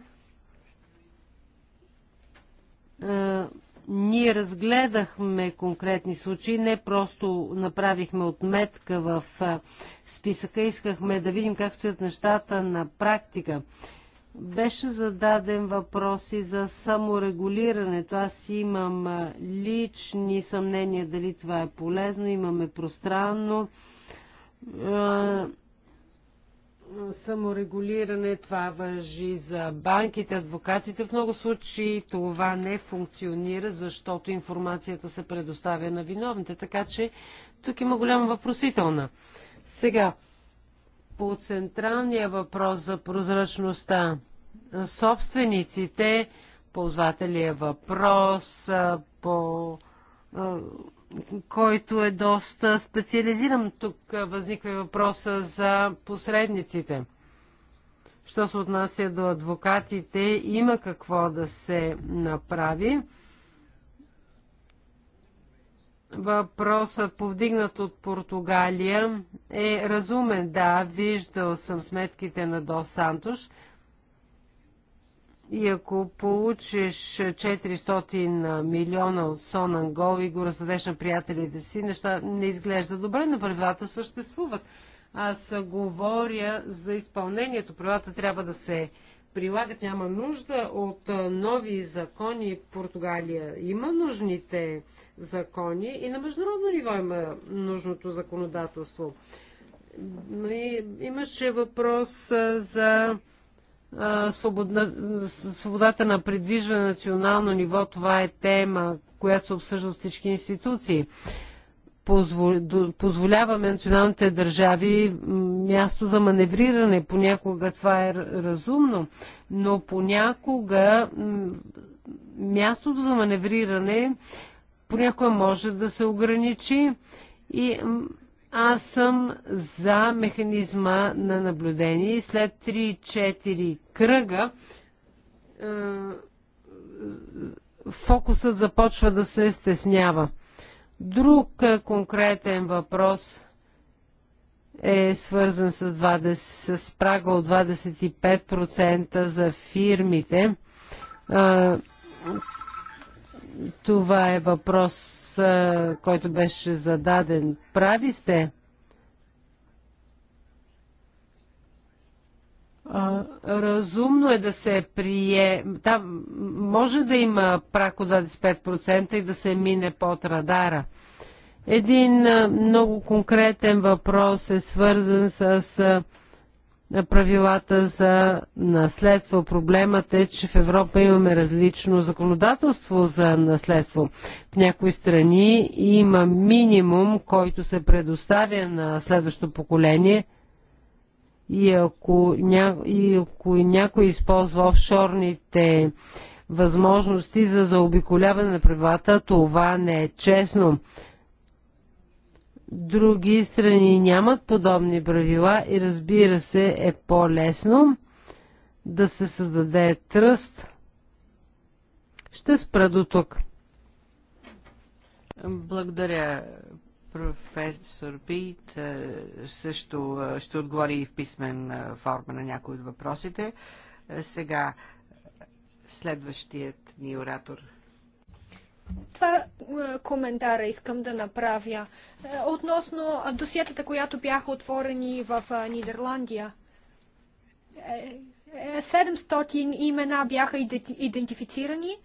ние разгледахме конкретни случаи, не просто направихме отметка в списъка, искахме да видим как стоят нещата на практика. Беше зададен въпрос и за саморегулирането. Аз имам лични съмнения дали това е полезно. Имаме пространно саморегулиране. Това въжи за банките, адвокатите. В много случаи това не функционира, защото информацията се предоставя на виновните. Така че тук има голяма въпросителна. Сега, по централния въпрос за прозрачността, собствениците, ползвателия е въпрос, по, който е доста специализиран. Тук възниква въпроса за посредниците. Що се отнася до адвокатите, има какво да се направи. Въпросът, повдигнат от Португалия, е разумен. Да, виждал съм сметките на Дос Сантош. И ако получиш 400 милиона от Сон Ангол и го разсъдеш на приятелите си, неща не изглежда добре, но правилата съществуват. Аз говоря за изпълнението. Правилата трябва да се прилагат. Няма нужда от нови закони. Португалия има нужните закони и на международно ниво има нужното законодателство. Имаше въпрос за свободата на предвижване на национално ниво. Това е тема, която се обсъжда от всички институции позволяваме националните държави място за маневриране. Понякога това е разумно, но понякога мястото за маневриране понякога може да се ограничи и аз съм за механизма на наблюдение след 3-4 кръга е, фокусът започва да се стеснява. Друг е, конкретен въпрос е свързан с, 20, с прага от 25% за фирмите. Това е въпрос, който беше зададен. Прави сте. А, разумно е да се прие... Да, може да има прак от 25% и да се мине под радара. Един много конкретен въпрос е свързан с правилата за наследство. Проблемът е, че в Европа имаме различно законодателство за наследство. В някои страни има минимум, който се предоставя на следващото поколение – и ако, ня... и ако някой използва офшорните възможности за заобиколяване на правилата, това не е честно. Други страни нямат подобни правила и разбира се е по-лесно да се създаде тръст. Ще спра до тук. Благодаря, Професор Пит е, също е, ще отговори и в писмен е, форма на някои от въпросите. Сега следващият ни оратор. Това коментара искам да направя. Относно досиетата, която бяха отворени в Нидерландия. 700 имена бяха идентифицирани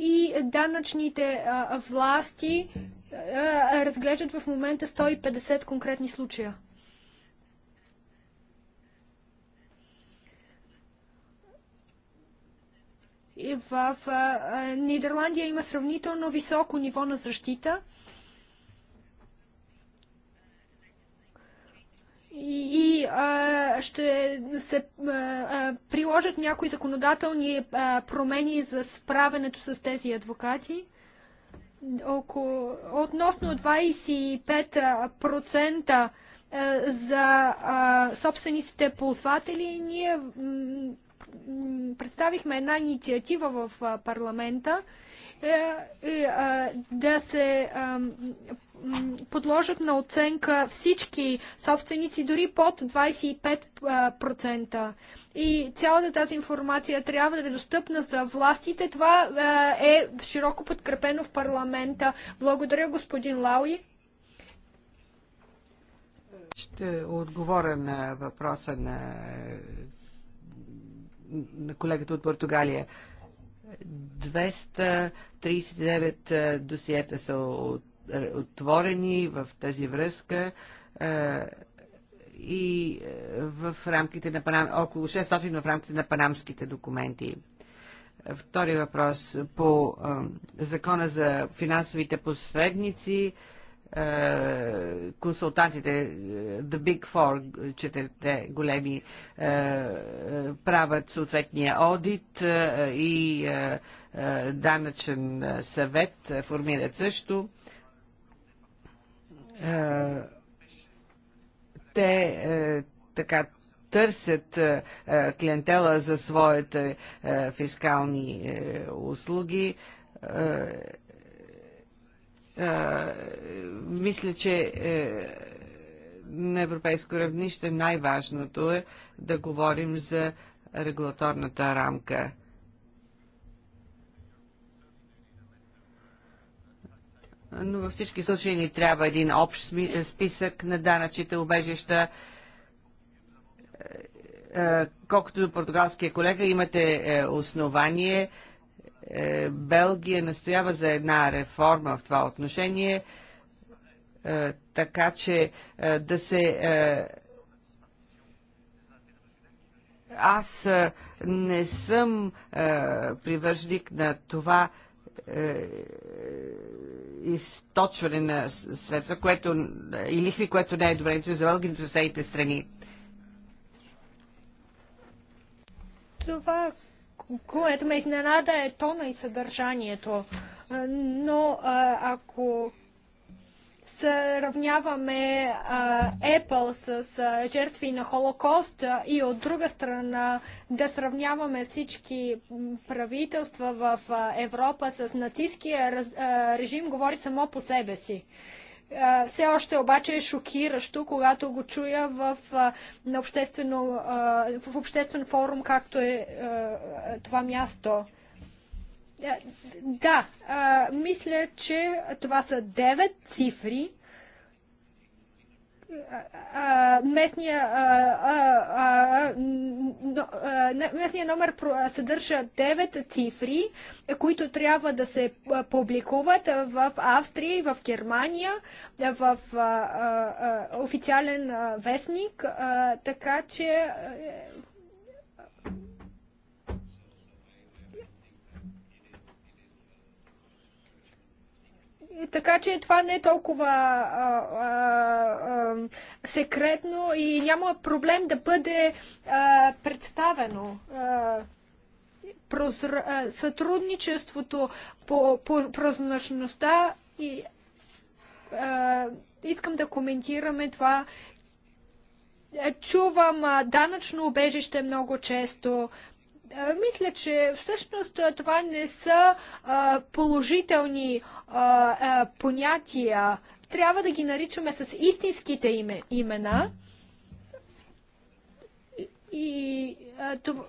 и данъчните власти разглеждат в момента 150 конкретни случая. И в Нидерландия има сравнително високо ниво на защита и а, ще се а, а, приложат някои законодателни а, промени за справенето с тези адвокати. Око... относно 25% за а, собствениците ползватели, ние представихме една инициатива в парламента е, е, да се подложат на оценка всички собственици, дори под 25%. И цялата тази информация трябва да е достъпна за властите. Това е широко подкрепено в парламента. Благодаря, господин Лауи. Ще отговоря на въпроса на, на колегата от Португалия. 239 досиета са от отворени в тази връзка е, и е, в рамките на Панам... около 600 в рамките на панамските документи. Втори въпрос по е, закона за финансовите посредници, консултантите, The Big Four, четирите големи, правят съответния одит и данъчен съвет формират също е, те е, така търсят е, клиентела за своите фискални услуги. Мисля, че на европейско равнище най-важното е да говорим за регулаторната рамка. но във всички случаи ни трябва един общ е, списък на данъчните убежища. Е, е, колкото до португалския колега, имате основание. Белгия настоява за една реформа в това отношение, така че да се. Аз не съм привържник на това, е, източване на средства което, е, и лихви, което не е добре нито за Белгия, нито за съседните страни. Това, което ме изненада е тона и съдържанието. Е, но ако сравняваме а, Apple с а, жертви на Холокоста и от друга страна да сравняваме всички правителства в а, Европа с нацистския раз, режим, говори само по себе си. Все още обаче е шокиращо, когато го чуя в, на обществено, в обществен форум, както е това място. Е, да, а, мисля, че това са 9 цифри. А, а, а, местния номер съдържа 9 цифри, които трябва да се публикуват в Австрия и в Германия в официален вестник, така че И така че това не е толкова а, а, а, секретно и няма проблем да бъде а, представено. А, а, сътрудничеството по, по прозрачността и а, искам да коментираме това. Чувам а, данъчно убежище много често. А, мисля, че всъщност това не са положителни понятия. Трябва да ги наричаме с истинските имена. И това.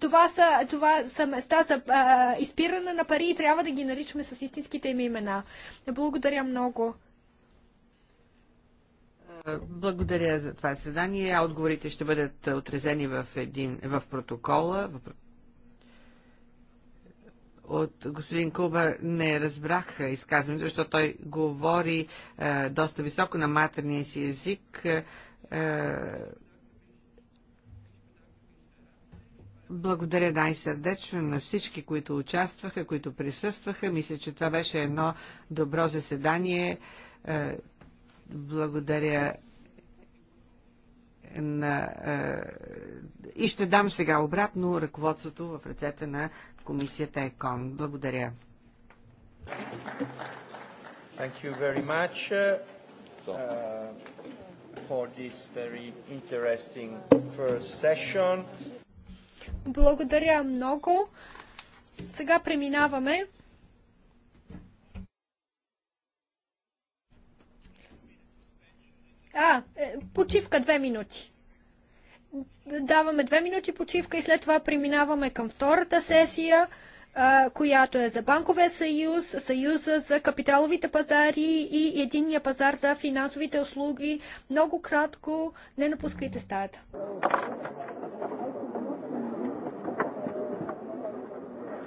Това са, това са места за а, изпиране на пари и трябва да ги наричаме с истинските им имена. Благодаря много. Благодаря за това съдание. Отговорите ще бъдат отразени в, един, в протокола. От господин Куба не разбрах изказването, защото той говори е, доста високо на матерния си език. Е, благодаря най-сърдечно на всички, които участваха, които присъстваха. Мисля, че това беше едно добро заседание е, благодаря на, е, и ще дам сега обратно ръководството в ръцете на комисията ЕКОН. Благодаря. Thank you very much uh, for this very interesting first session. Благодаря много. Сега преминаваме А, е, почивка две минути. Даваме две минути почивка и след това преминаваме към втората сесия, която е за Банковия съюз, съюза за капиталовите пазари и единния пазар за финансовите услуги. Много кратко, не напускайте стаята.